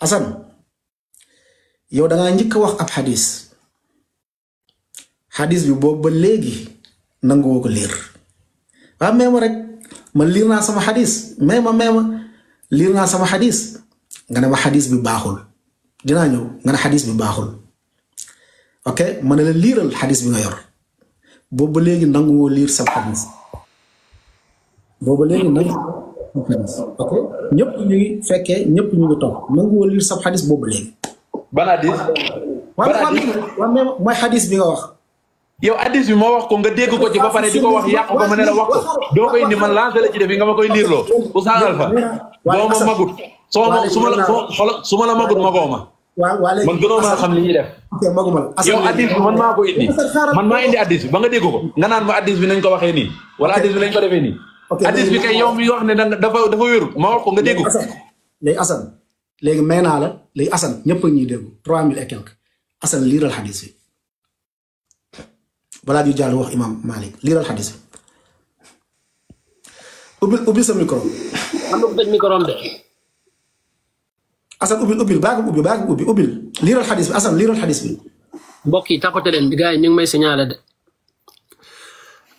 Assane. yow ya, da nga ñëk wax ab hadith hadith bi bobu ba léegi nanguwoo ko liir wa may rek ma liir na sama hadith may ma may ma sama hadith nga ne ma hadith bi baxul dina ñëw nga ne hadith bi baxul ok man la hadith bi nga yor bobu ba léegi nanguwoo liir sama xadis boobu ba léegi nangu ok ñepp ñu ngi ñepp ñëpp ñu ngi toog lir liir sama xadis boobu ban hadis ban hadis mooy hadis bi nga wax
yow hadis bi ma wax ko nga deg ko ci ba pare diko wax yak ko manela wax ko do koy ni man lancer la ci def nga ma koy ko Oustaz Alpha do ma magut so ma suma la su suma la magut ma ma man gëno ma xam li ñi def yow hadis bi man mako indi man ma indi hadis bi ba nga deg ko nga nan ma hadis bi nañ ko waxe ni wala hadis bi lañ ko defé ni hadis bi kay yow mi wax ne dafa dafa wéru ma wax ko nga deg ko lay asan léegi may naa la
léegi Assane ñëpp a ñuy déglu trois mille et quelque Assane liiral xadis bi balaa ju jàll wax imam Malik liiral xadis bi ubbil ubbil sa micro. am na ubbil micro de. Assane ubbil ubbil baa ko ubbi ubbi liiral xadis bi Assane liiral xadis bi.
mbokk yi tapote leen bi gars yi ñu ngi may signaler de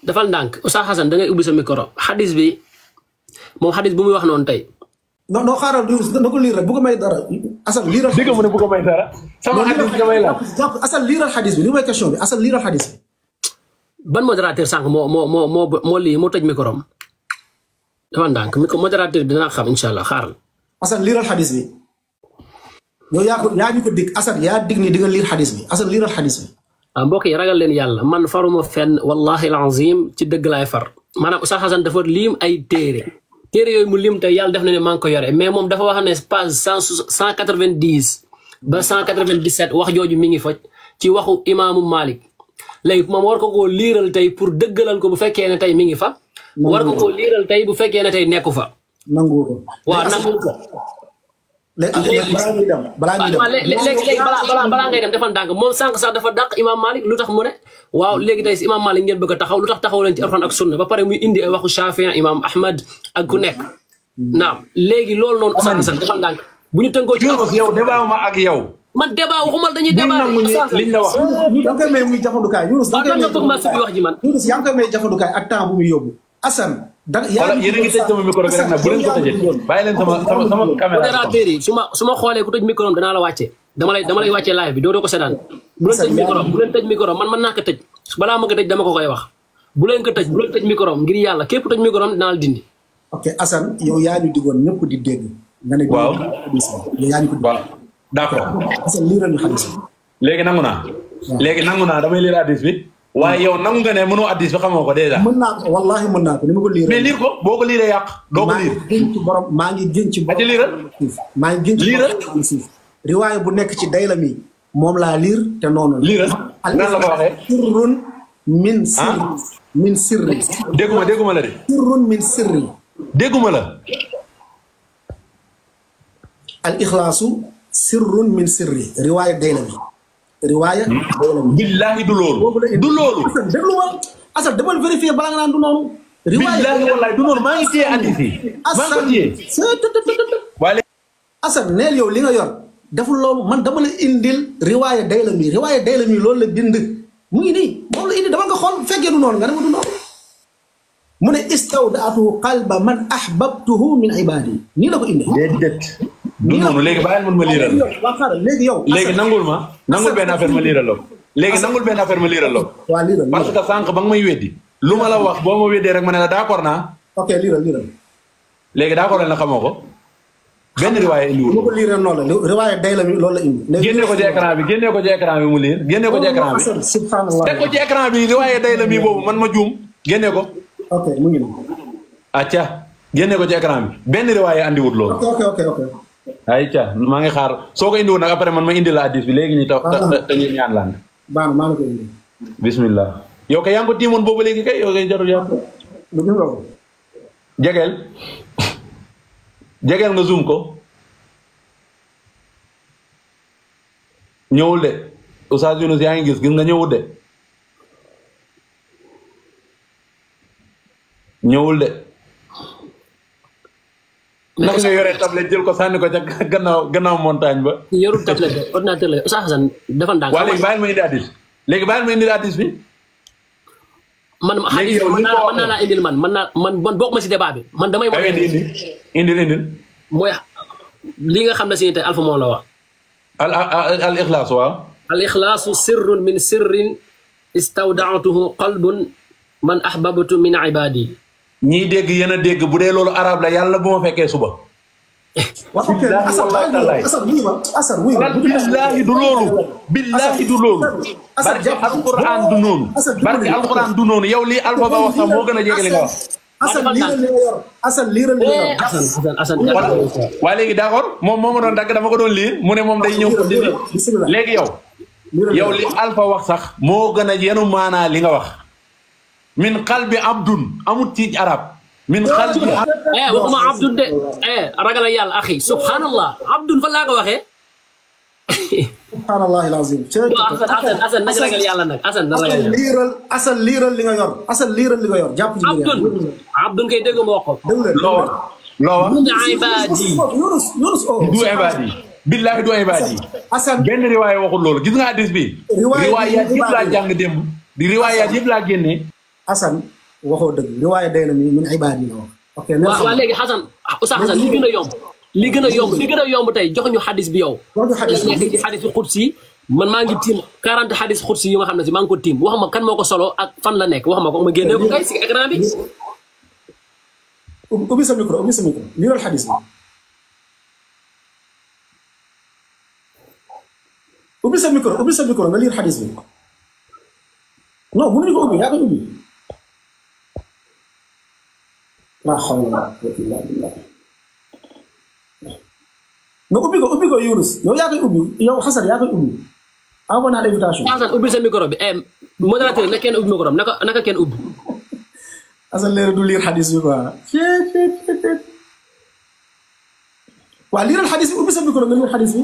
dafal ndànk Oustaz Assane da ngay ubbi sa micro xadis bi moom xadis bu muy wax noonu tey.
non non xaaral na ko liir rek bu ko may dara
asal liiral. dëgg mu ne bu ko may dara. sama xadis nga may la asal liiral xadis bi li may question bi asal liiral xadis bi. ban modérateur sànq moo moo moo moo moo lii moo tëj micro am dafa ndànk micro modérateur bi dinaa xam incha allah xaaral. asal liiral xadis bi yow yaa ko yaa ñu ko dig asal yaa dig ni di nga liir xadis bi asal liiral xadis bi. ah mbokk yi ragal leen yàlla man faruma fenn wallahi alazim ci dëgg laay far maanaam Oustaz Assane dafa liim ay téere. téere yooyu mu lim te yàlla def na ne maa ngi ko yore mais moom dafa wax ne page cent cent quatre vingt dix ba cent quatre vingt dix sept wax jooju mi ngi faj ci waxu imaamu Malik léegi moom war ko koo liiral tey pour dëggalal ko bu fekkee ne tey mi ngi fa. war ko koo liiral tey bu fekkee ne tey nekku fa. nangu ko nangu ko. léegi balaa ñuy dem balaa ñuy dem léegi balaa balaa ngay sànq sax dafa dàq imaam Malik lu tax mu ne waaw léegi tey si imaam Malik ngeen bëgg a taxaw lu tax taxaw leen ci alxuraan ak sunna ba pare muy indi ay waxu Shafi'i imaam Ahmad ak ku nekk hmm. naam léegi lool loolu noonu Ousmane Assane dafa ndànk bu ñu tënkoo ci yow débat ma ak yow man débat waxumal dañuy débat liñ la wax da nga koy may muy jafandukaay
Yunus da nga koy may ak temps bu muy yóbbu Assane da yaa ngi yéen a ngi tëj bu leen ko
tëjee su ma su ma xoolee ku tëj micro danaa la wàcce dama lay dama lay wàccee live ko seetaan bu leen tëj micro bu man naa ko tëj balaa ma ko tëj dama ko koy wax bu leen ko tëj bu leen tëj ngir yàlla képp tëj micro dinaa la dindi
ok Assane yaa ñu digoon ñëpp di dégg nga ne ko dig waaw d'accord Assane lii ran ñu xadis
léegi nangu naa léegi nangu naa damay lire hadis bi waaye yow nangu nga ne mënoo addis ba xamoo ko dèjà. mën naa ko wallaahi mën naa ko ni ma ko liiree. mais liir ko boo ko
liiree yàq. doo ko liir maa ngi gën ci borom maa ngi gën ci borom. liiral maa ngi gën ci borom suuf. riwaay bu nekk ci dayla mi moom laa liir te noonu. liiral nan la ko waxee sirrun min sirri. min sirri. dégguma dégguma la de. sirrun min sirri.
dégguma la. al ikhlaasu
sirrun min sirri riwaay dayla mi. riwaaya. Hmm? billahi du loolu. Oh, du loolu. déglu ma asal demal vérifier balaa nga naan du noonu. riwaaya billahi wallahi du noonu maa ngi
téye hadith yi. ngi ko asal asal neel yow li nga yor deful loolu man dama la indil riwaaya day la mi riwaaya day la mi loolu la bind mu ngi nii
moom la indi dama nga xool fekkee du noonu nga ne du noonu. mu ne qalba man ahbabtuhu min ibadi nii la ko indi déedéet.
du léegi bàyyil man ma liiral léegi yow léegi nangul ma nangul benn affaire ma liiral loo léegi nangul benn affaire ma liiral loo parce que sànq ba nga may weddi lu ma la wax boo ma weddee rek ma ne la d'accord naa ok liiral liiral léegi d'accord leen na xamoo ko benn riwaay indi wul ko liiral noonu la riwaay day la loolu la indi génne ko ci écran bi génne ko ci écran bi mu liir génne ko ci écran bi teg ko ci écran bi riwaay day la mi boobu man ma juum génne ko mu ngi acca génne ko ci écran bi benn riwaay andiwut loolu ayca maa ngi xaar soo ko indiwoon nag après man ma indi la addis bi léegi ñu taw ah, te ñu ñaan laan. bismillah. yow kay yaa ngi ko tiimoon boobu léegi kay yow kay jarul yàqu. jegeel jegeel nga zoom ko. ñëwul de Oustaz Yunus yaa ngi gis gis nga ñëwul de. ñëwul de. naka nga yoree tablette jël ko sànni ko ca gannaaw gannaaw montagne ba.
yorul tablette ordinateur la Oustaz Assane dafa ndànk. waaw léegi bàyyil
ma indi addis léegi bàyyil ma indi addis bi.
man xadis naa laa indil man man naa ma si débat man damay. wax indi indil indil. mooy li nga xam ne si tey alfa moom la wax. al al al ikhlaas waaw. al ikhlaasu min sirrin istawdaatuhu qalbun man ahbabtu min ibaadi ñiy dégg yéen dégg
bu dee loolu arab la yàlla bu ma fekkee suba.
waaw ok Assane wallaay
Assane wuy ma billaahi du loolu. billaahi du loolu. Assane barke yow lii alfa ba wax sax moo gën a jege li nga wax.
Assane liiral li nga yor Assane liiral
li waa léegi d'accord moom moo ma doon dagg dama ko doon liir mu ne moom day ñëw. léegi yow. yow li alfa wax sax moo gën a yenu maanaa li nga wax. min qalbi abdun amut ci arab min ya, qalbi ya. eh waxuma ya, abdun
de eh ragal yàlla akhi subhanallah abdun fa la ko waxe subhanallah alazim *laughs* asan asan ragal yàlla nak asan ragal
liral asan liral li nga yor asan liral li nga yor japp ci abdun abdun kay dégg ma wax ko wax du ibadi yunus yunus o oh. du ibadi billahi
du ibadi asan ben riwaya waxul loolu gis nga hadith bi riwaaya la jang dem
di riwaya yëpp la genné Assane waxoo dëgg riwaaya day na mi min ibaad yi wax. ok
léegi Assane ah, Oustaz Assane li a yomb. li gën a yomb li yomb tey jox ñu xadis bi yow. jox ñu xadis bi nekk ci man maa ngi tiim 40 xadis xudsi yu xam ne si maa ngi ko tiim wax ma kan moo ko solo ak fan la nekk wax ma ko ma génne ko kay si écran bi.
ubbi sa micro ubbi sa micro nga liir xadis bi. non mënuñu ko ubbi yaa ko ubbi. maa xaw ma ubbi ko ubbi ko Younus yow yaa ubbi yow Xasan yaa ubbi envoyé naa invitation.
Xasan ubbi sa bi eh, modérateur na kenn ubbi micro naka naka kenn ubbi.
*laughs* Xasan leer waa liiral xadis bi ubbi sa micro nga liir xadis bi.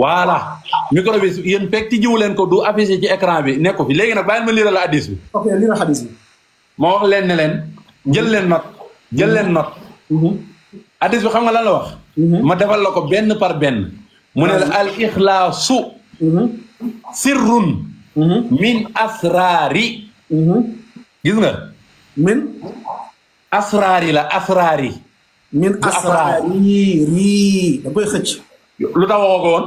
voilà micro leen ko du affiché ci écran bi nekku fi léegi nag bàyyi ma liiral xadis ok liiral xadis bi. ma leen ne leen jël leen nag. jël leen note mhm. hadis bi xam nga lan la wax mhm. ma defal la ko benn par benn mu ne la mhm. al ixlaasu sirrun min asraari gis nga min asraari la asraari min asraari ri. da koy xëcc lu tax waxoo ko woon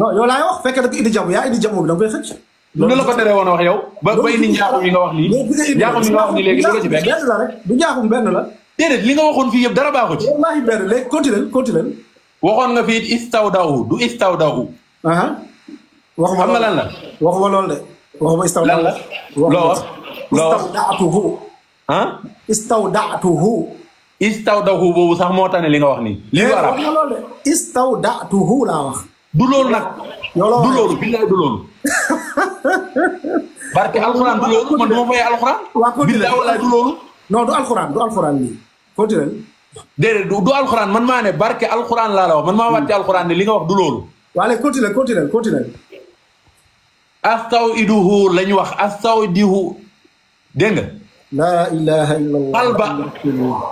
non yow laay wax fekkee da ko indi jamu. yaa indi jamo bi da koy xëcc lu la ko teree woon wax yow ba bay ni njaaxum yi nga wax nii njaaxum yi nga wax nii léegi lu ko ci benn du njaaxum benn la téere li nga waxoon fii yëpp dara baaxu ci. wallaahi benn léegi continué continué. waxoon nga fii istawdaw du istawdaw. waxuma xam nga lan la. waxuma lool de. waxuma la loo wax.
istawdaatuhu.
ah. sax moo li nga wax nii. li eh, war a waxuma
lool de. istawdaatuhu laa wax. du loolu nag.
yooloo du loolu billaay du loolu.
*laughs* barke
alxuraan du loolu du alxuraan. du alxuraan du alxuraan lii. continué. déedéet du du alxuraan man maa ne barke alxuraan laa la wax man maa wàtte alxuraan ne li nga wax du loolu. waaye continué continué continué. astaw iduhu lañ wax astaw iduhu dégg nga. laa ilaha illallah. xalba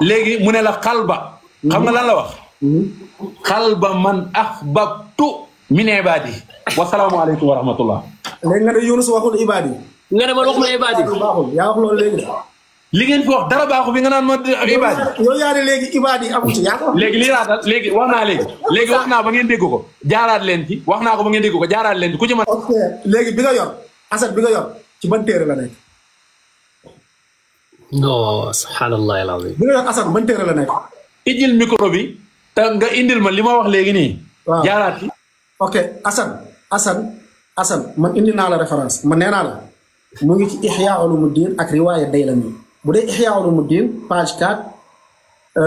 léegi mu ne la xalba. xam nga lan la wax. xalba mm-hmm. man axbabtu min ibaadi. wasalaamualeykum wa rahmatullah. léegi nga ne Yunus waxul ibaadi. nga ne man waxul ibaadi. yaa li ngeen fi wax dara baaxu fi nga naan ma ibaadi yow yaa ne léegi ibaadi
amu ci yaa ko léegi lii
laa léegi wax naa léegi léegi wax naa ba ngeen dégg ko jaaraat leen ci wax naa ko ba ngeen dégg ko jaaraat leen ci ku ci mën ok legi bi nga yor asat bi nga yor ci ban téere la nekk
non subhanallah alazim bi nga yor asat ban téere
la nekk ijil micro bi ta nga indil ma lima wax léegi nii jaaraat ci
ok asan asan asan man indi na la reference man nee la mu ngi ci ihya ulumuddin ak riwaya daylami bu dee Ihya Ulumuddin page 4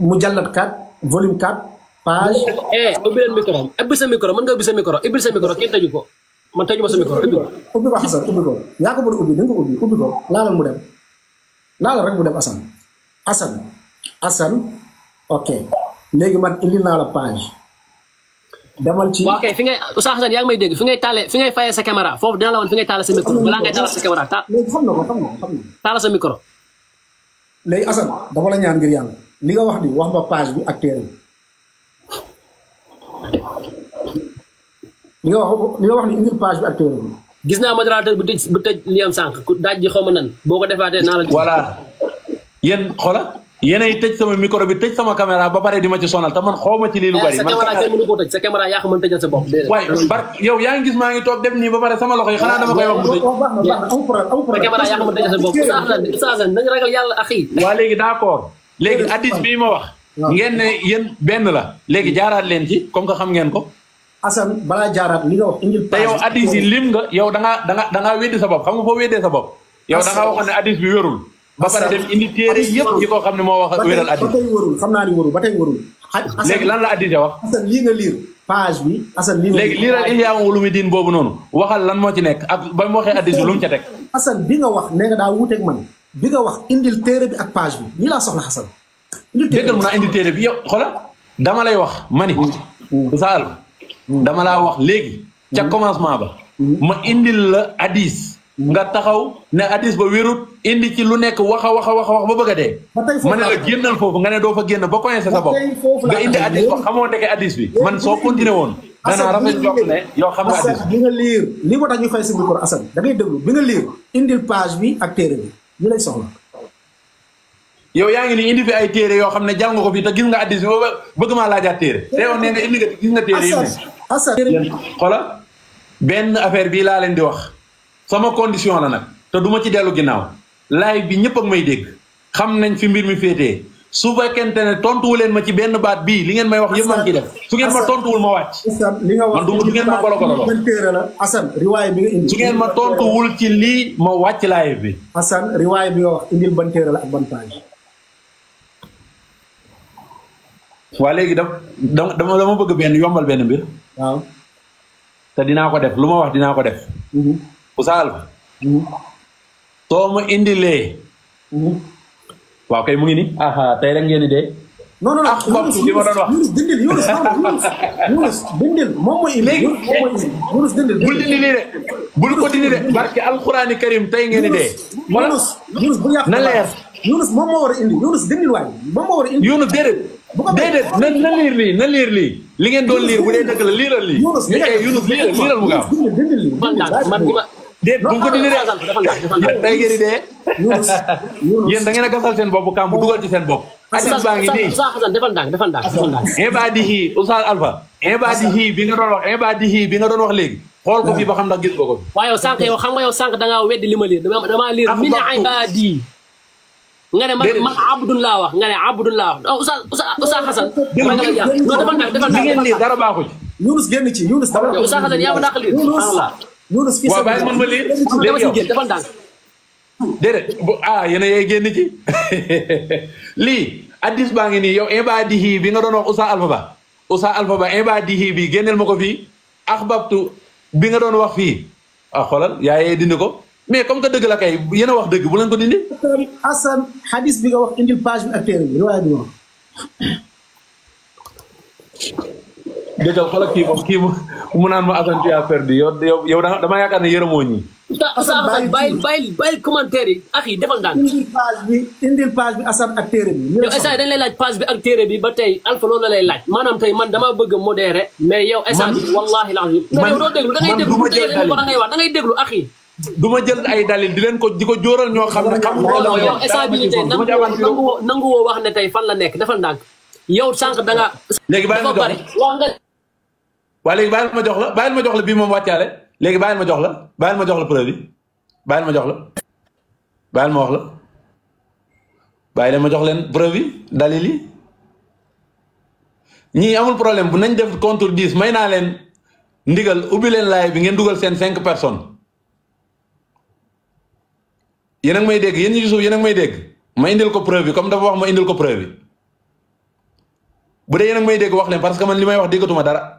mujallad kat volume 4 page.
Eh, eh, ubbi leen micro ubbi sa micro mën nga ubbi sa micro ubbi sa micro kenn tëju ko man tëju ma sa micro ubbi ko. ubbi ko Assane ko
yaa ko mën a ubbi na ko ubbi ubbi mu dem laalal rek mu dem Assane Assane Assane ok léegi man indi naa la page. demal ci waaw
fi ngay Oustaz fengai yaa ngi may dégg fi ngay taale fi ngay fayee sa caméra foofu dina la woon fi ngay taale sa micro balaa ngay taale sa caméra
ta léegi xam na ko xam na xam sa micro léegi asan dama la ñaan ngir yàlla li nga wax ni wax ba page bi ak téere li nga wax li nga wax ni indil page bi ak téere
gis naa modérateur bu tëj bu tëj li am sànq daaj ji xaw ma nan boo ko defaatee naa la voilà yéen xoolal
yéenay tëj sama micro bi tëj sama caméra ba pare di ma ci sonal te man xaw ma ci lii lu bari. man caméra kenn
mënu ko tëj sa caméra yaa ko
mën tëjal sa bopp. waaye bar yow yaa ngi gis maa ngi toog dem nii ba pare sama loxo yi xanaa dama koy wax mu tëj.
sa caméra yaa ko mën tëjal sa bopp saa nañu waa
léegi d'accord léegi addis bii ma wax. ngeen ne yen benn la. léegi jaaraat leen ci comme que xam ngeen ko. Assane balaa jaaraat li nga wax indil. te yow addis yi lim nga yow da ngaa da ngaa da weddi sa bopp xam nga foo weddee sa bopp yow da ngaa waxoon ne addis bi wérul ba pare dem indi téere yëpp yi ko xam ne moo wax wéral addis ba tey
warul xam naa ni warul ba tey warul léegi lan la addis wax asan lii nga
liir page bi asan lii léegi liiral ihyaam ulumi diin boobu noonu waxal lan moo ci nekk ak ba mu waxee addis bi lu mu ca teg asan bi nga wax nee nga daa wuuteeg man bi nga wax indil téere bi ak page bi nii laa soxla asan déggal mun naa indi téere bi yow xoolal dama lay wax ma ni saal dama laa wax léegi ca commencement ba ma indil la addis nga taxaw ne hadis ba wérut indi ci lu nekk wax a wax a wax a wax ba a dee. ma ne génnal foofu nga ne doo fa génn ba coincé sa bopp nga indi hadis ba xamoo ndeke hadis bi man soo continué woon.
danaa rafet jox
ne yow xam nga hadis
bi nga liir lii ñu fay si micro da ngay déglu bi nga liir indil page bi ak téere bi ñu lay soxla.
yow yaa ngi ni indi fi ay téere yoo xam ne jàng nga ko fii te gis nga hadis bi ba bëgg maa laajaat téere te yow nee nga indi nga téere yi. Assane Assane benn affaire bii laa leen di wax sama condition la nag te du ci dellu ginnaaw live bi ñëpp ak may dégg xam nañ fi mbir mi féetee su fekkente ne tontuwu leen ma ci benn baat bii li ngeen may wax yëpp man ci def su ngeen ma tontuwul ma wàcc
li nga wax man ngeen ma golo golo Assane riwaay bi nga indi su ngeen ma tontuwul ci lii ma wàcc live bi Assane riwaay bi nga wax indil ban la ak ban page
waa léegi daf dama dama bëgg benn yombal benn mbir waaw te dinaa ko def lu ma wax dinaa ko def mhm. Ousal. soo ma indilee. waaw kay mu ngi nii.
tey rek ngeen di dee.
non non non Yunus Yunus dindil Yunus Yunus Yunus dindil moom mooy indi Yunus dindil bul dindi nii de bul ko dindi de barke alquraani karim tey ngeen di dee Yunus Yunus bu yàq na leer Yunus moom moo war a indi Yunus dindil waay moom moo war a indi Yunus déedéet déedéet na na liir lii na liir lii li ngeen doon liir bu dee dëgg la liiral lii Yunus liiral mu
gaaw
déet bu ko dindi de
day ngeen di dee. yéen da ngeen
a gasal seen bopp kàmb dugal ci seen bopp. addis baa ngi nii
Xasan defal ndànk defal ndànk defal ndànk. ibaadihi Oustaz Alpha. ibaadihi bi nga doon wax ibaadihi bi nga doon wax léegi. xool ko fii ba xam ndax gis nga ko. waaye yow sànq yow xam nga yow sànq da ngaa weddi li ma liir damaa liir min ibaadi. nga ne man man abdullah wax nga ne abdullah wax Oustaz di Xasan. ma nga yaa defal ndànk defal ndànk. li ngeen liir
dara baaxu ci. Younus génn ci Younus dara. Oustaz Xasan yaa ma dàq liir loolu fii sax ma lii dama si génn dafa ah yéen a yee génn ci *laughs* lii addis baa ngi nii yow ibaadihi bi nga doon wax Oustaz Alpha Ba Oustaz Alpha Ba ibaadihi bi génneel ma ko fii axbabtu bi nga doon wax fii ah xoolal yaa yee dindi ko mais comme que dëgg la kay
yéen a wax dëgg bu leen ko dindi. bi nga wax indil page dëgg la xoolal kii
moom kii mu naan ma Assane tu as perdu yow yow dama yaakaar
yi ak yi defal ndànk. indil page bi indil page bi bi. yow instant bi ba tey Alpha loolu la lay laaj. maanaam tey man dama bëgg a modéré. mais yow instant bi wallaahi la man man yow doo déglu da ngay déglu bu tey da ngay wax da ngay déglu ak yi. du
ay dalil di leen ko di ko jóoral ñoo xam ne. xam nga loolu yow instant
wax ne tey fan la nekk defal ndànk yow sànq da nga. léegi bàyyi nga wax nga
waaye léegi bàyyil ma jox la bàyyil ma jox la bii moom wàccaale léegi bàyyil ma jox la bàyyil ma jox la preuve yi bàyyil ma jox la bàyyil ma wax la bàyyi leen ma jox leen preuve yi dalil yi ñii amul problème bu nañ def contre dix may naa leen ndigal ubbi leen laay bi ngeen dugal seen cinq personnes yéen a ngi may dégg yéen ñi ci suuf yéen a ngi may dégg ma indil ko preuve yi comme dafa wax ma indil ko preuve yi bu dee yéen a ngi may dégg wax leen parce que man li may wax déggatuma dara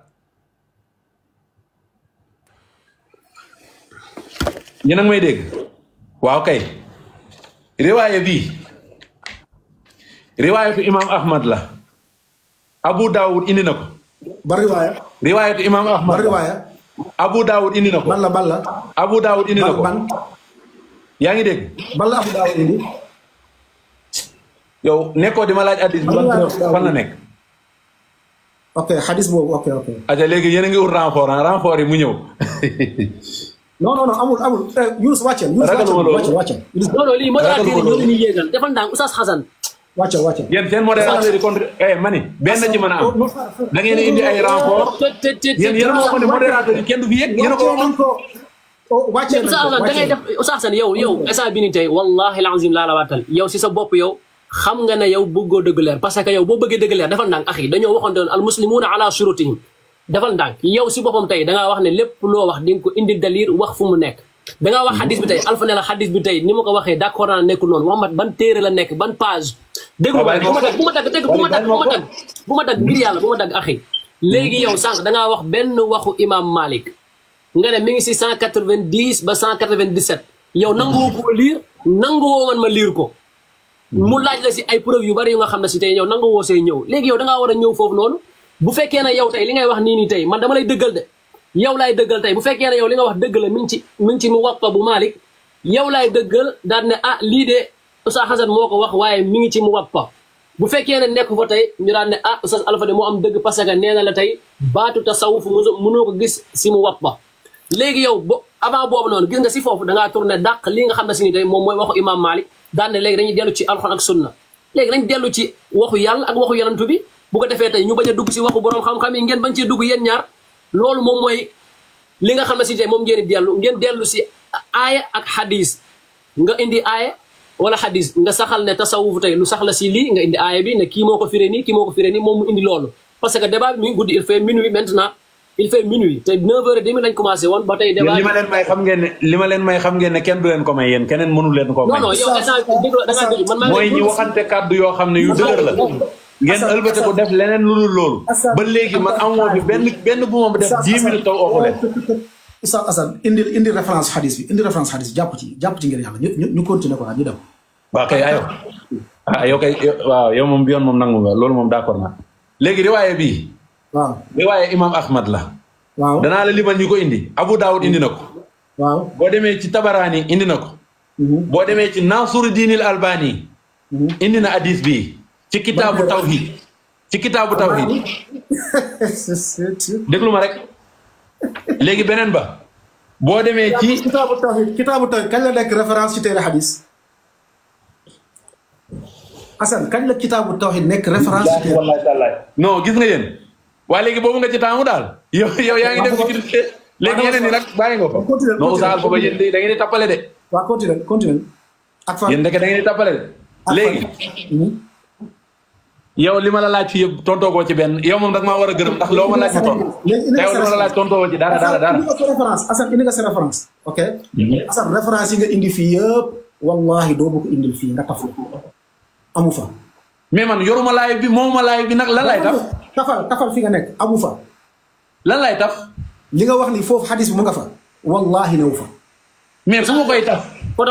yéen may dégg waaw kay riwaaya bii riwaayatu imaam Ahmad la Abu Dawud indi na ko. ba riwaaya. riwaayatu Ahmad Abu Dawud indi na ko. ban la ban la. yaa ngi dégg. ban Abu Dawud indi. yow nekkoo di laaj addis bi fan la nekk.
ok xadis boobu ok ok.
léegi yéen a ngi ut renfort ah renfort mu ñëw. *laughs*
non non non amul amul eh, Yunus wàcceel. ragaluma loolu Yunus wàcceel wàcceel. non non lii modérateur yi ñoo leen
di eh, benn ci mën a am.
da ngeen indi ay renfort. te te te
yéen yéen a kenn du fi yëg yéen ko waxoon. wàcceel nañ ko
oh, Xasan yow yow oh. instant bi ni tey wallaahi lazim laa la waatal yow si sa bopp yow. xam nga ne yow bëggoo dëgg leer parce que yow boo bëggee dëgg leer defal ndànk axi dañoo waxoon doon ala shurutihim defal ndànk yow si boppam tey dangaa wax ne lépp loo wax di nga ko indi liir wax fu mu nekk dangaa wax xadis bi tey alfa ne la xadis bi tey ni ma ko waxee d'accord naa nekkul noonu Mouhamed téere la nekk ban page déglu ma bu ma dagg bu ma dagg bu bu ma dagg yàlla bu dagg axi léegi yow sànq dangaa wax benn waxu imam Malik nga ne mi ngi si cent ba 197 yow nangoo ko liir nangoo man ma liir ko mu laaj la si ay preuve yu bari yu nga xam ne si tey yow nangoo woosee ñëw léegi yow dangaa war a ñëw foofu noonu bu fekkee ne yow tey li ngay wax nii nii tey man dama lay dëggal de yow laay dëggal tey bu fekkee ne yow li nga wax dëgg la mi ci mi ci mu wàq bu Malick yow laay dëggal daal ne ah lii de sa Assane moo ko wax waaye mi ngi ci mu wàq bu fekkee ne nekk fa tey ñu daan ne ah Oustaz moo am dëgg parce que nee na la tey baatu tasawuf mënoo ko gis si mu wàq léegi yow bo avant boobu noonu gis nga si foofu dangaa tourné dàq lii nga xam ne ni tey moom mooy waxu imam Malick daan ne léegi dañuy dellu ci alxuraan ak sunna léegi dañ dellu ci waxu yàlla ak waxu yonantu bi bu ko defé tay ñu baña dugg ci waxu borom xam-xam yi ngeen bañ ci dugg yeen ñaar loolu mom moy li nga xam ci si mom ngeen delu ngeen delu ci aya ak hadith nga indi aya wala hadith nga saxal ne tasawuf tay lu saxla ci li nga indi aya bi ne ki moko firé ni ki moko firé ni mom mu indi loolu parce que débat bi mi ngi guddi il fait minuit maintenant il fait minuit tay 9 h et demi lañ commencé won ba tay débat lima len
may xam ngeen lima len may xam ngeen ne kenn du len ko may yeen kenen mënul len ko may non non yow
da nga dëgg man maa moy ñi waxante
kaddu yo xamne yu dëgër la ngeen ëlbate ko def leneen lu dul loolu. ba léegi man amoo bi benn benn bu
ma def. dix minutes taw oo ko leen. Oustaz indi indi référence bi indi référence xadis jàpp ci jàpp ci ngir yàlla ñu ñu continuer ko ñu dem.
waaw kay ayo ah, yow waaw yow moom bi yoon moom nangu nga loolu moom d'accord na léegi riwaaye bii. waaw riwaaye Imam Ahmad la. waaw danaa la limal ñu ko indi. Abu Daawud indi na ko. waaw boo demee ci Tabaraani indi na ko. Mhm. boo demee ci Nasuru Diinil Albani. Mhm. indi na hadis bi ci kitaabu tawhid ci kitaabu tawhid *laughs* déglu ma rek léegi beneen ba boo demee
ci kitaabu tawhid kitaabu tawhid kañ
la nekk référence ci téere xadis Assane kañ la kitaabu tawhid nekk référence ci téere wallaay tallaay non gis nga yéen waaye léegi boobu nga ci taamu daal yow yow yaa ngi ko ci léegi yeneen yi nag bàyyi nga ko non Oustaz booba yéen da ngeen di tappale de
waaw continue continue
ak fan da ngeen tappale de léegi hmm? yow lima la laaj yeb tonto ko ci ben yow mom dag ma wara geureum ndax loma ma laaj tontu yow li la laaj tontoo ci dara dara dara indi
nga sa ini indi nga sa référence ok
mhm. Assane reference yi nga
indi fi yeb wallahi bu ko indi fi nga taf amu fa mais
man yoruma laay bi moma laay bi nak la lay taf tafal tafal fi nga nek amu fa la lay
taf li nga wax ni fofu hadith mu nga fa wallahi newu fa mais sama koy taf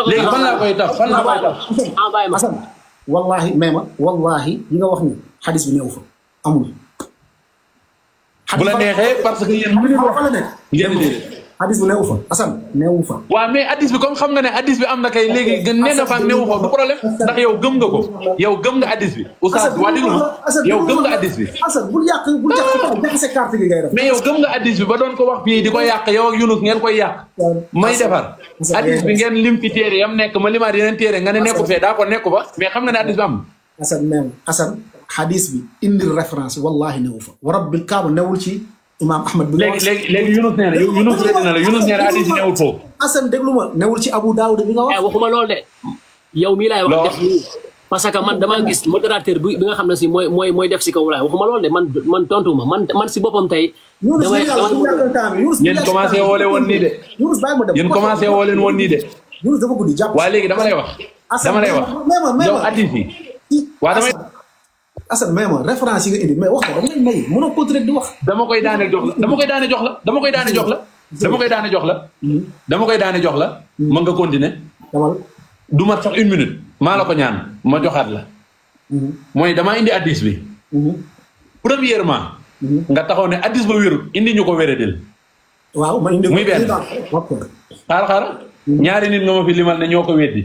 léegi fan la koy taf fan la koy taf والله ميما والله ليغا واخني حديث بي نيوفو امول بولا نيهي باسكو يين ميني واخ نيك يين ليه حديث بن اوفا اصلا نوفا
وا مي حديث بكم خم نه حديث بي امنا كاي ليغي نينا نوفا دو بروبليم دا ياو گم نغا كو ياو گم حديث بي استاد وادي لو ياو گم نغا حديث بي
اصلا بول ياك بول ياك دا خسا كارت كي غاي راف مي
ياو گم حديث بي با دون كو واخ بي ديكو ياك ياو يونس نين كو ياك ماي ديفار حديث بي نين ليم في تيري نيك ملي مار يينن تيري غاني نيكو في دا كو نيكو با خم نه حديث
بام اصلا ميم اصلا حديث بي اندي ريفرنس والله نوفا ورب الكعبه نولتي imaam Ahmad. léegi léegi
léegi Yunus nee na Yunus nee na la Yunus nee na hadis bi newul
foofu. Assane
déglu ma newul ci Abu Daawud bi nga wax. Eh, waxuma loolu de yow mii wax def nii parce que man damaa gis modérateur bi bi nga xam ne si mooy mooy mooy def si kaw laay ma lool de man man tontu ma man man si boppam tey. damay
yéen commencé woo leen woon nii de.
yéen commencé woo leen woon nii de.
waaye léegi dama lay wax. dama lay wax yow hadis yi waaw damay. Assane référence yi nga indi mais wax ko rek lañ may mënoo ko rek di wax. dama koy daane jox la dama koy daane jox la dama koy daane jox la. dama koy daane jox la. Hmm. dama koy daane jox la. Hmm. mën nga continuer. du mat sax une minute. maa la ko ñaan ma joxaat la. Hmm. mooy dama indi addis bi. premièrement. nga taxaw ne addis ba wérul indi ñu ko wéradil. waaw ma indi muy benn xaar xaar. ñaari nit nga ma fi limal ne ñoo ko weddi.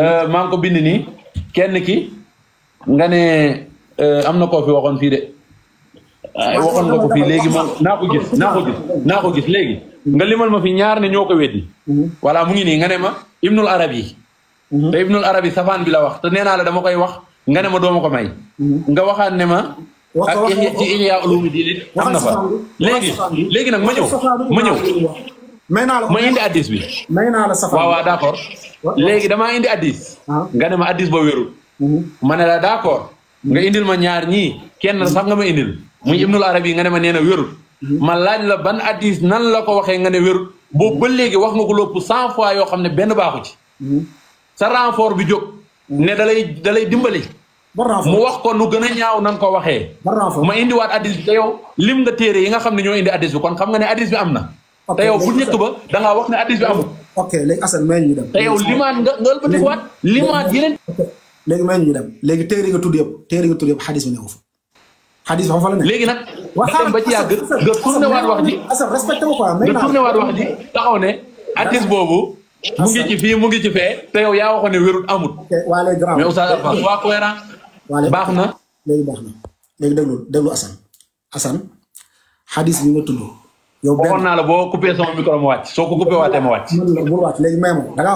Euh, maa ngi ko bind nii kenn ki nga ne. Euh, amna ko fi waxon fi de ah, waxon nga ko fi legi moom naa ko gis naa ko gis naa ko gis legi nga limal ma fi ñaar ne ñoko weddi wala mhm. mu ngi ni nga ne ma ibnul al arabi mhm. te ibnul al arabi safan bi la wax te neena la dama koy wax nga ne ma do mako may mhm. nga waxan ne ma ak ci Ihya Ulumi Diin am fa léegi léegi nag ma ñëw ma ñëw may la ma indi addis bi may naa la safaan wa waaw d' accord léegi damaa indi addis ah. nga ne ma addis ba wérul ma la d' nga indil ma ñaar ñi kenn sax nga ma indil muy ibnul arabi nga ne ma neena wër ma laaj la ban hadith nan la ko waxe nga ne wër bo ba legi wax nga ko lopp 100 fois yo xamne ben benn baaxu ci sa renfort bi jog ne dalay dalay dimbali mu wax ko nu gëna ñaaw nan ko waxe ma waat hadith te yow lim nga téré yi nga xamne ñoo indi hadith bi kon xam nga ne hadith bi amna te yow bu ñëkk ba da nga wax ne hadith bi amul ok léegi asal may ñu dem te yow limaat nga nga ëlbatikuwaat limaat yeneen léegi may ñu dem léegi téere nga tudd yëpp téere nga tudd yëpp xadis bi newu fa xadis ba fa léegi nag nga dem ba ci yàgg nga tourné waat wax wax ji taxaw ne artiste boobu mu ngi ci mu ngi ci fee te yaa waxoon ne wérul amul
waa léegi grand mais oustaz Alpha waa cohérent baax na léegi baax na léegi déglu déglu Assane xadis bi nga tudd yow benn waxoon
naa la boo coupé sama micro ma wàcc soo ko coupé
waatee ma wàcc. bul wàcc léegi may ma da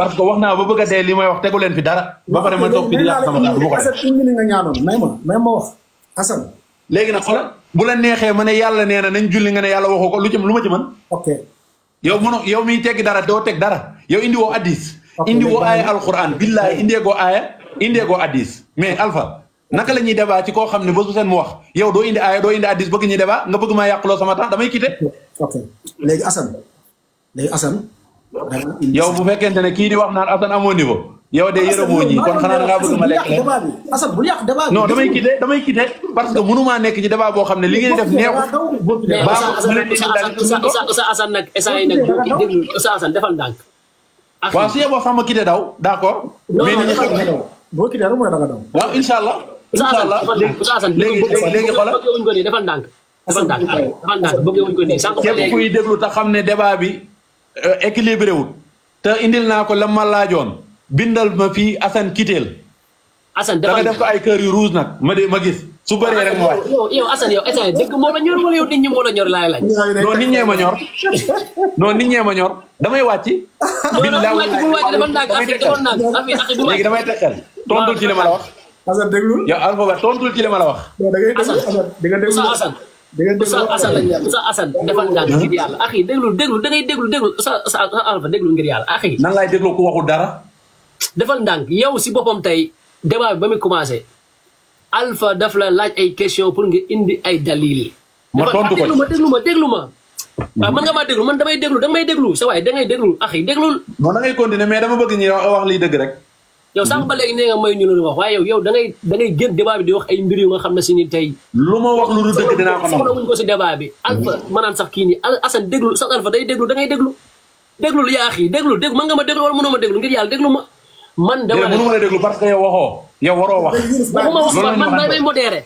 parce que wax naa ba bëgg a dee li may wax tegu leen fi dara. ba pare man toog fi di laaj nga léegi nag bu la neexee ma ne yàlla nee na nañ julli nga ne yàlla waxu ko lu ci lu ma ci mën. ok yow mënoo yow miy teggi dara doo teg dara yow indi woo addis. indi woo aaya alquran billahi indee goo aaya indee goo addis mais alpha naka la ñuy débat ci koo xam ne bés bu seen mu wax yow doo indi aaya doo indi addis bëgg ñuy débat nga bëgg yàquloo sama temps damay quitté. ok bu fekkente ne kii di wax naan Assane amoo niveau. yow de yërëmoo ñi kon xanaa da ngaa bëgg ma lekk bu yàq débat bi non damay quitté damay quitté parce que mënumaa nekk ci débat boo xam ne li ngeen def neexu.
baaxul sa Assane nag essayé nag sa Assane defal ndànk. waaw
su yeboo daw d' accord. mais ni ñu boo quitté rek mooy da incha allah léegi léegi xoolal bëggewuñ ko
nii a ndànk. defal ndànk defal ndànk bëggewuñ
ko nii sànq ba léegi képp kuy xam ne débat bi euh, équilibré wul. te indil naa ko la ma laajoon bindal ma fii Assane Kiteel. Assane defal def ko ay kër yu ruus nag ma de ma gis. su bëree rek mu a
yow Assane yow Assane dëgg moo la ñor wala yow nit la ñor laay laaj. non nit ñee ma
ñor non nit ñee ma ñor damay wàcc. *laughs* biñ laa wàcc bu wàcc defal ndànk affaire defal ndànk
affaire léegi damay
ci li ma la wax Assane déglul ya Alpha Ba tontul ci li ma la wax. da ngay déglu Assane da nga déglu Assane. da nga déglu Assane lañ yàlla Assane Assane
defal nga ngir yàlla axi déglul déglul da ngay déglu déglu sa sa Alpha déglu ngir yàlla axi. nan laay déglu ku waxul dara. defal ndànk yow si boppam tey débat ba muy commencé Alpha daf la laaj ay question pour nga indi ay dalil. ma tontu ko ma déglu ma déglu ma. waaw ah, man nga maa déglu man damay déglu damay déglu sa waay dangay déglu axi déglul. non da ngay continuer
mais dama bëgg ñu wax lii dëgg rek.
yow sànq ba léegi nee nga may ñu lu wax waaye yow yow da ngay da ngay génn débat bi wax ay mbir yu nga xam na si ni tey. lu ma wax lu dul dëgg dinaa ko soxla wuñ ko si débat bi. Alpha maanaam sax kii nii Assane déglu sax Alpha day déglu da ngay déglu. déglu lu yaax mën nga ma déglu wala mënoo ma déglu ngir yàlla déglu ma. man dama ne mënu ma
la déglu parce que yow waxoo. yow waroo wax. waxuma wax man man may
modéré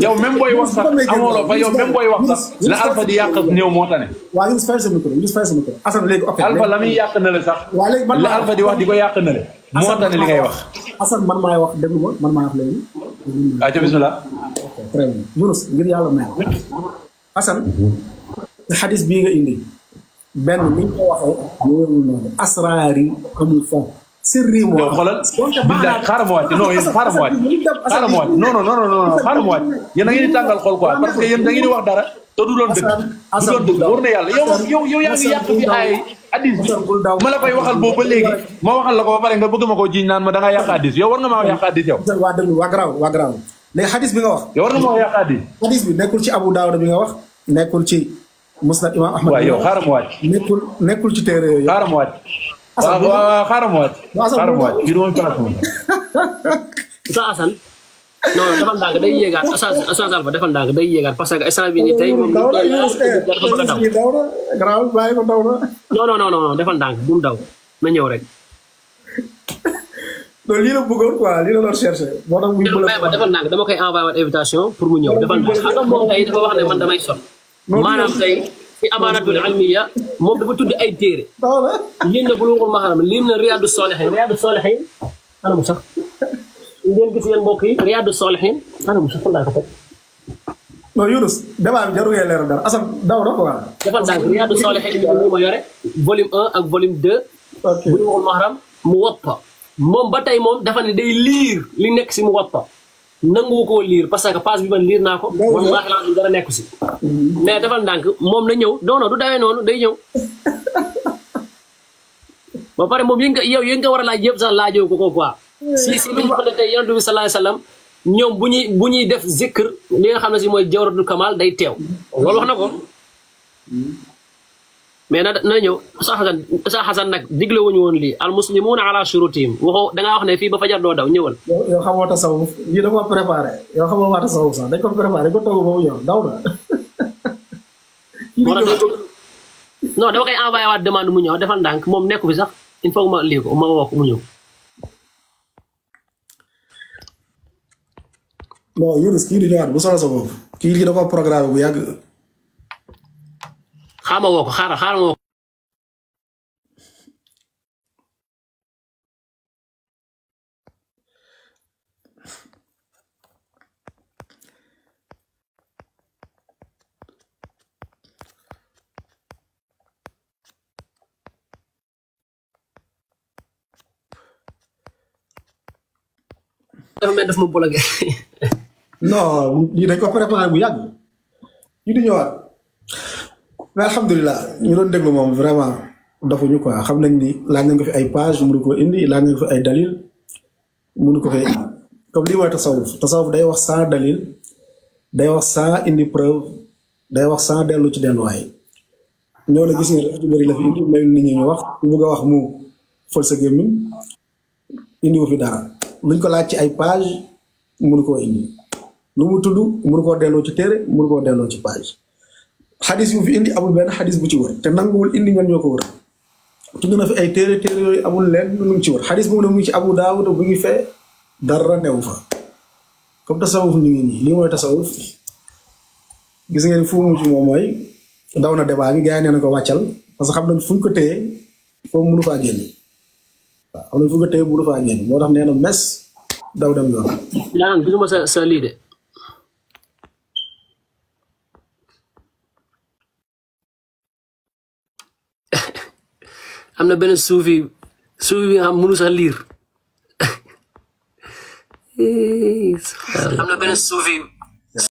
yow même booy wax sax amooloo ba la alpha di yàq
néew moo tane. waaw ñu fay
sa
sa la muy yàq na la sax. waaw la alpha di wax di ko yàq na la. moo ngay wax.
Assane man maay wax déglu ma man maay wax léegi. waaw ca bisimilah. ok très bii nga indi. asraari amul sirri moo xoolal billaay xaaral ma wàcc
non yéen da ngeen di tàngal xol quoi parce que yéen da ngeen di wax dara te du doon dëgg du doon dëgg war na yàlla yow yow yow
ay addis bi
waxal boobu ba léegi ma waxal la ko pare nga bëgg ma koo jiñ naan ma da nga yàq addis yow war nga maa yàq addis yow waa dëgg waa garaaw waa garaaw
léegi xadis bi nga wax yow war nga maa yàq addis xadis bi nekkul ci Abu Daawuda bi nga wax nekkul ci Musnad Imam Ahmad waaw yow waaw waaw
xaaral ma wàcc xaaral ma wàcc juróomi place
day yéegaat Assane Assane Alpha ndànk day yéegaat parce que instant bii nii tey moom. daw na dafa bëgg a daw daw na ndànk bu daw na ñëw rek. loolu *laughs* lii la bëggoon quoi lii la doon cherché. moo dama koy envoyé invitation pour mu ñëw defal ndànk xam nga moom dafa wax ne man damay son maanaam tey. في amaanatul almiya moom dafa tudd ay téere. lim na buluugul maram lim na riyaadu soolixiin riyaadu soolixiin ana mu sax ngeen gis yéen mbokk yi riyaadu soolixiin ana mu sax fan laa ko fekk.
non Younus débat bi jarul ngeen leeral dara Assane daw na ko waa.
dafa ndànk riyaadu soolixiin bi mu ma yore volume 1 ak volume 2. ok buluugul maram mu woppa moom ba tey moom dafa ne day liir li nekk si mu woppa. nangu koo liir parce que passe bi man liir naa ko. wala waaxi laa dara nekku si. Mm-hmm. mais defal ndànk moom na ñëw non du dawee noonu day ñëw. *laughs* ba pare moom yi nga yow yi nga war a laaj yëpp sax laajoo ko ko quoi. si si li ñu waxante yonent bi sallallahu alayhi wasallam ñoom bu ñuy bu ñuy def zikr li nga xam na si mooy jawratul kamal day teew. Mm-hmm. loolu wax na ko. Mm-hmm. mais na na ñëw Oustaz Assane nag digle wuñu woon lii al muslimuuna ala shurutihim waxoo da ngaa wax ne fii ba fajar doo daw ñëwal.
yow xamoo tasawuf lii da mu ñëw daw na. *laughs*
*laughs* non dama waat demande mu ñëw defal ndànk moom nekku fi sax il faut ma lii ko ma mu ñëw.
non kii di ñëwaat bu soxla sa kii da koo programme bu yàgg.
xaama woo ko xaama woo ko
dafa mel daf ma bloqué. non ñu dañ ko Alhamdulillah, alhamdulilah ñu doon déglu moom vraiment dafuñu quoi xam nañ ni laaj nañ ko fi ay page mënu ko indi laaj nañ ko fi ay dalil mënu ko fi comme lii mooy tasawuf tasawuf day wax sans dalil day wax sans indi preuve day wax sans dellu ci delluwaay ñoo la gis nga dafa bëri la fi indi may nit ñi ñu wax bëgg a wax mu fël sa gémmiñ indi wu fi dara luñ ko laaj ci ay page mënu koo indi lu mu tudd mënu koo delloo ci téere mënu delloo ci page xadis yu fi indi amul benn xadis bu ci wër te nanguwul indi ñoom ñoo ko wër tudd na fi ay téere téere yooyu amul leen nu mu ci wër xadis boobu mu ngi ci Abu Daawud bu ngi fee dara newu comme tasawuf ñu ngi nii lii mooy tasawuf gis mu ci moom mooy daw na débat bi gars yi nee na ko wàccal parce que xam na fu ñu ko téye foofu mënu faa génn waaw xam nañ fu ñu ko faa génn moo tax nee na daw dem yoon.
yaa ngi gisuma sa sa lii de. am na benn suufi suufi bi nga xam mënu sax liir
*laughs* am na benn suufi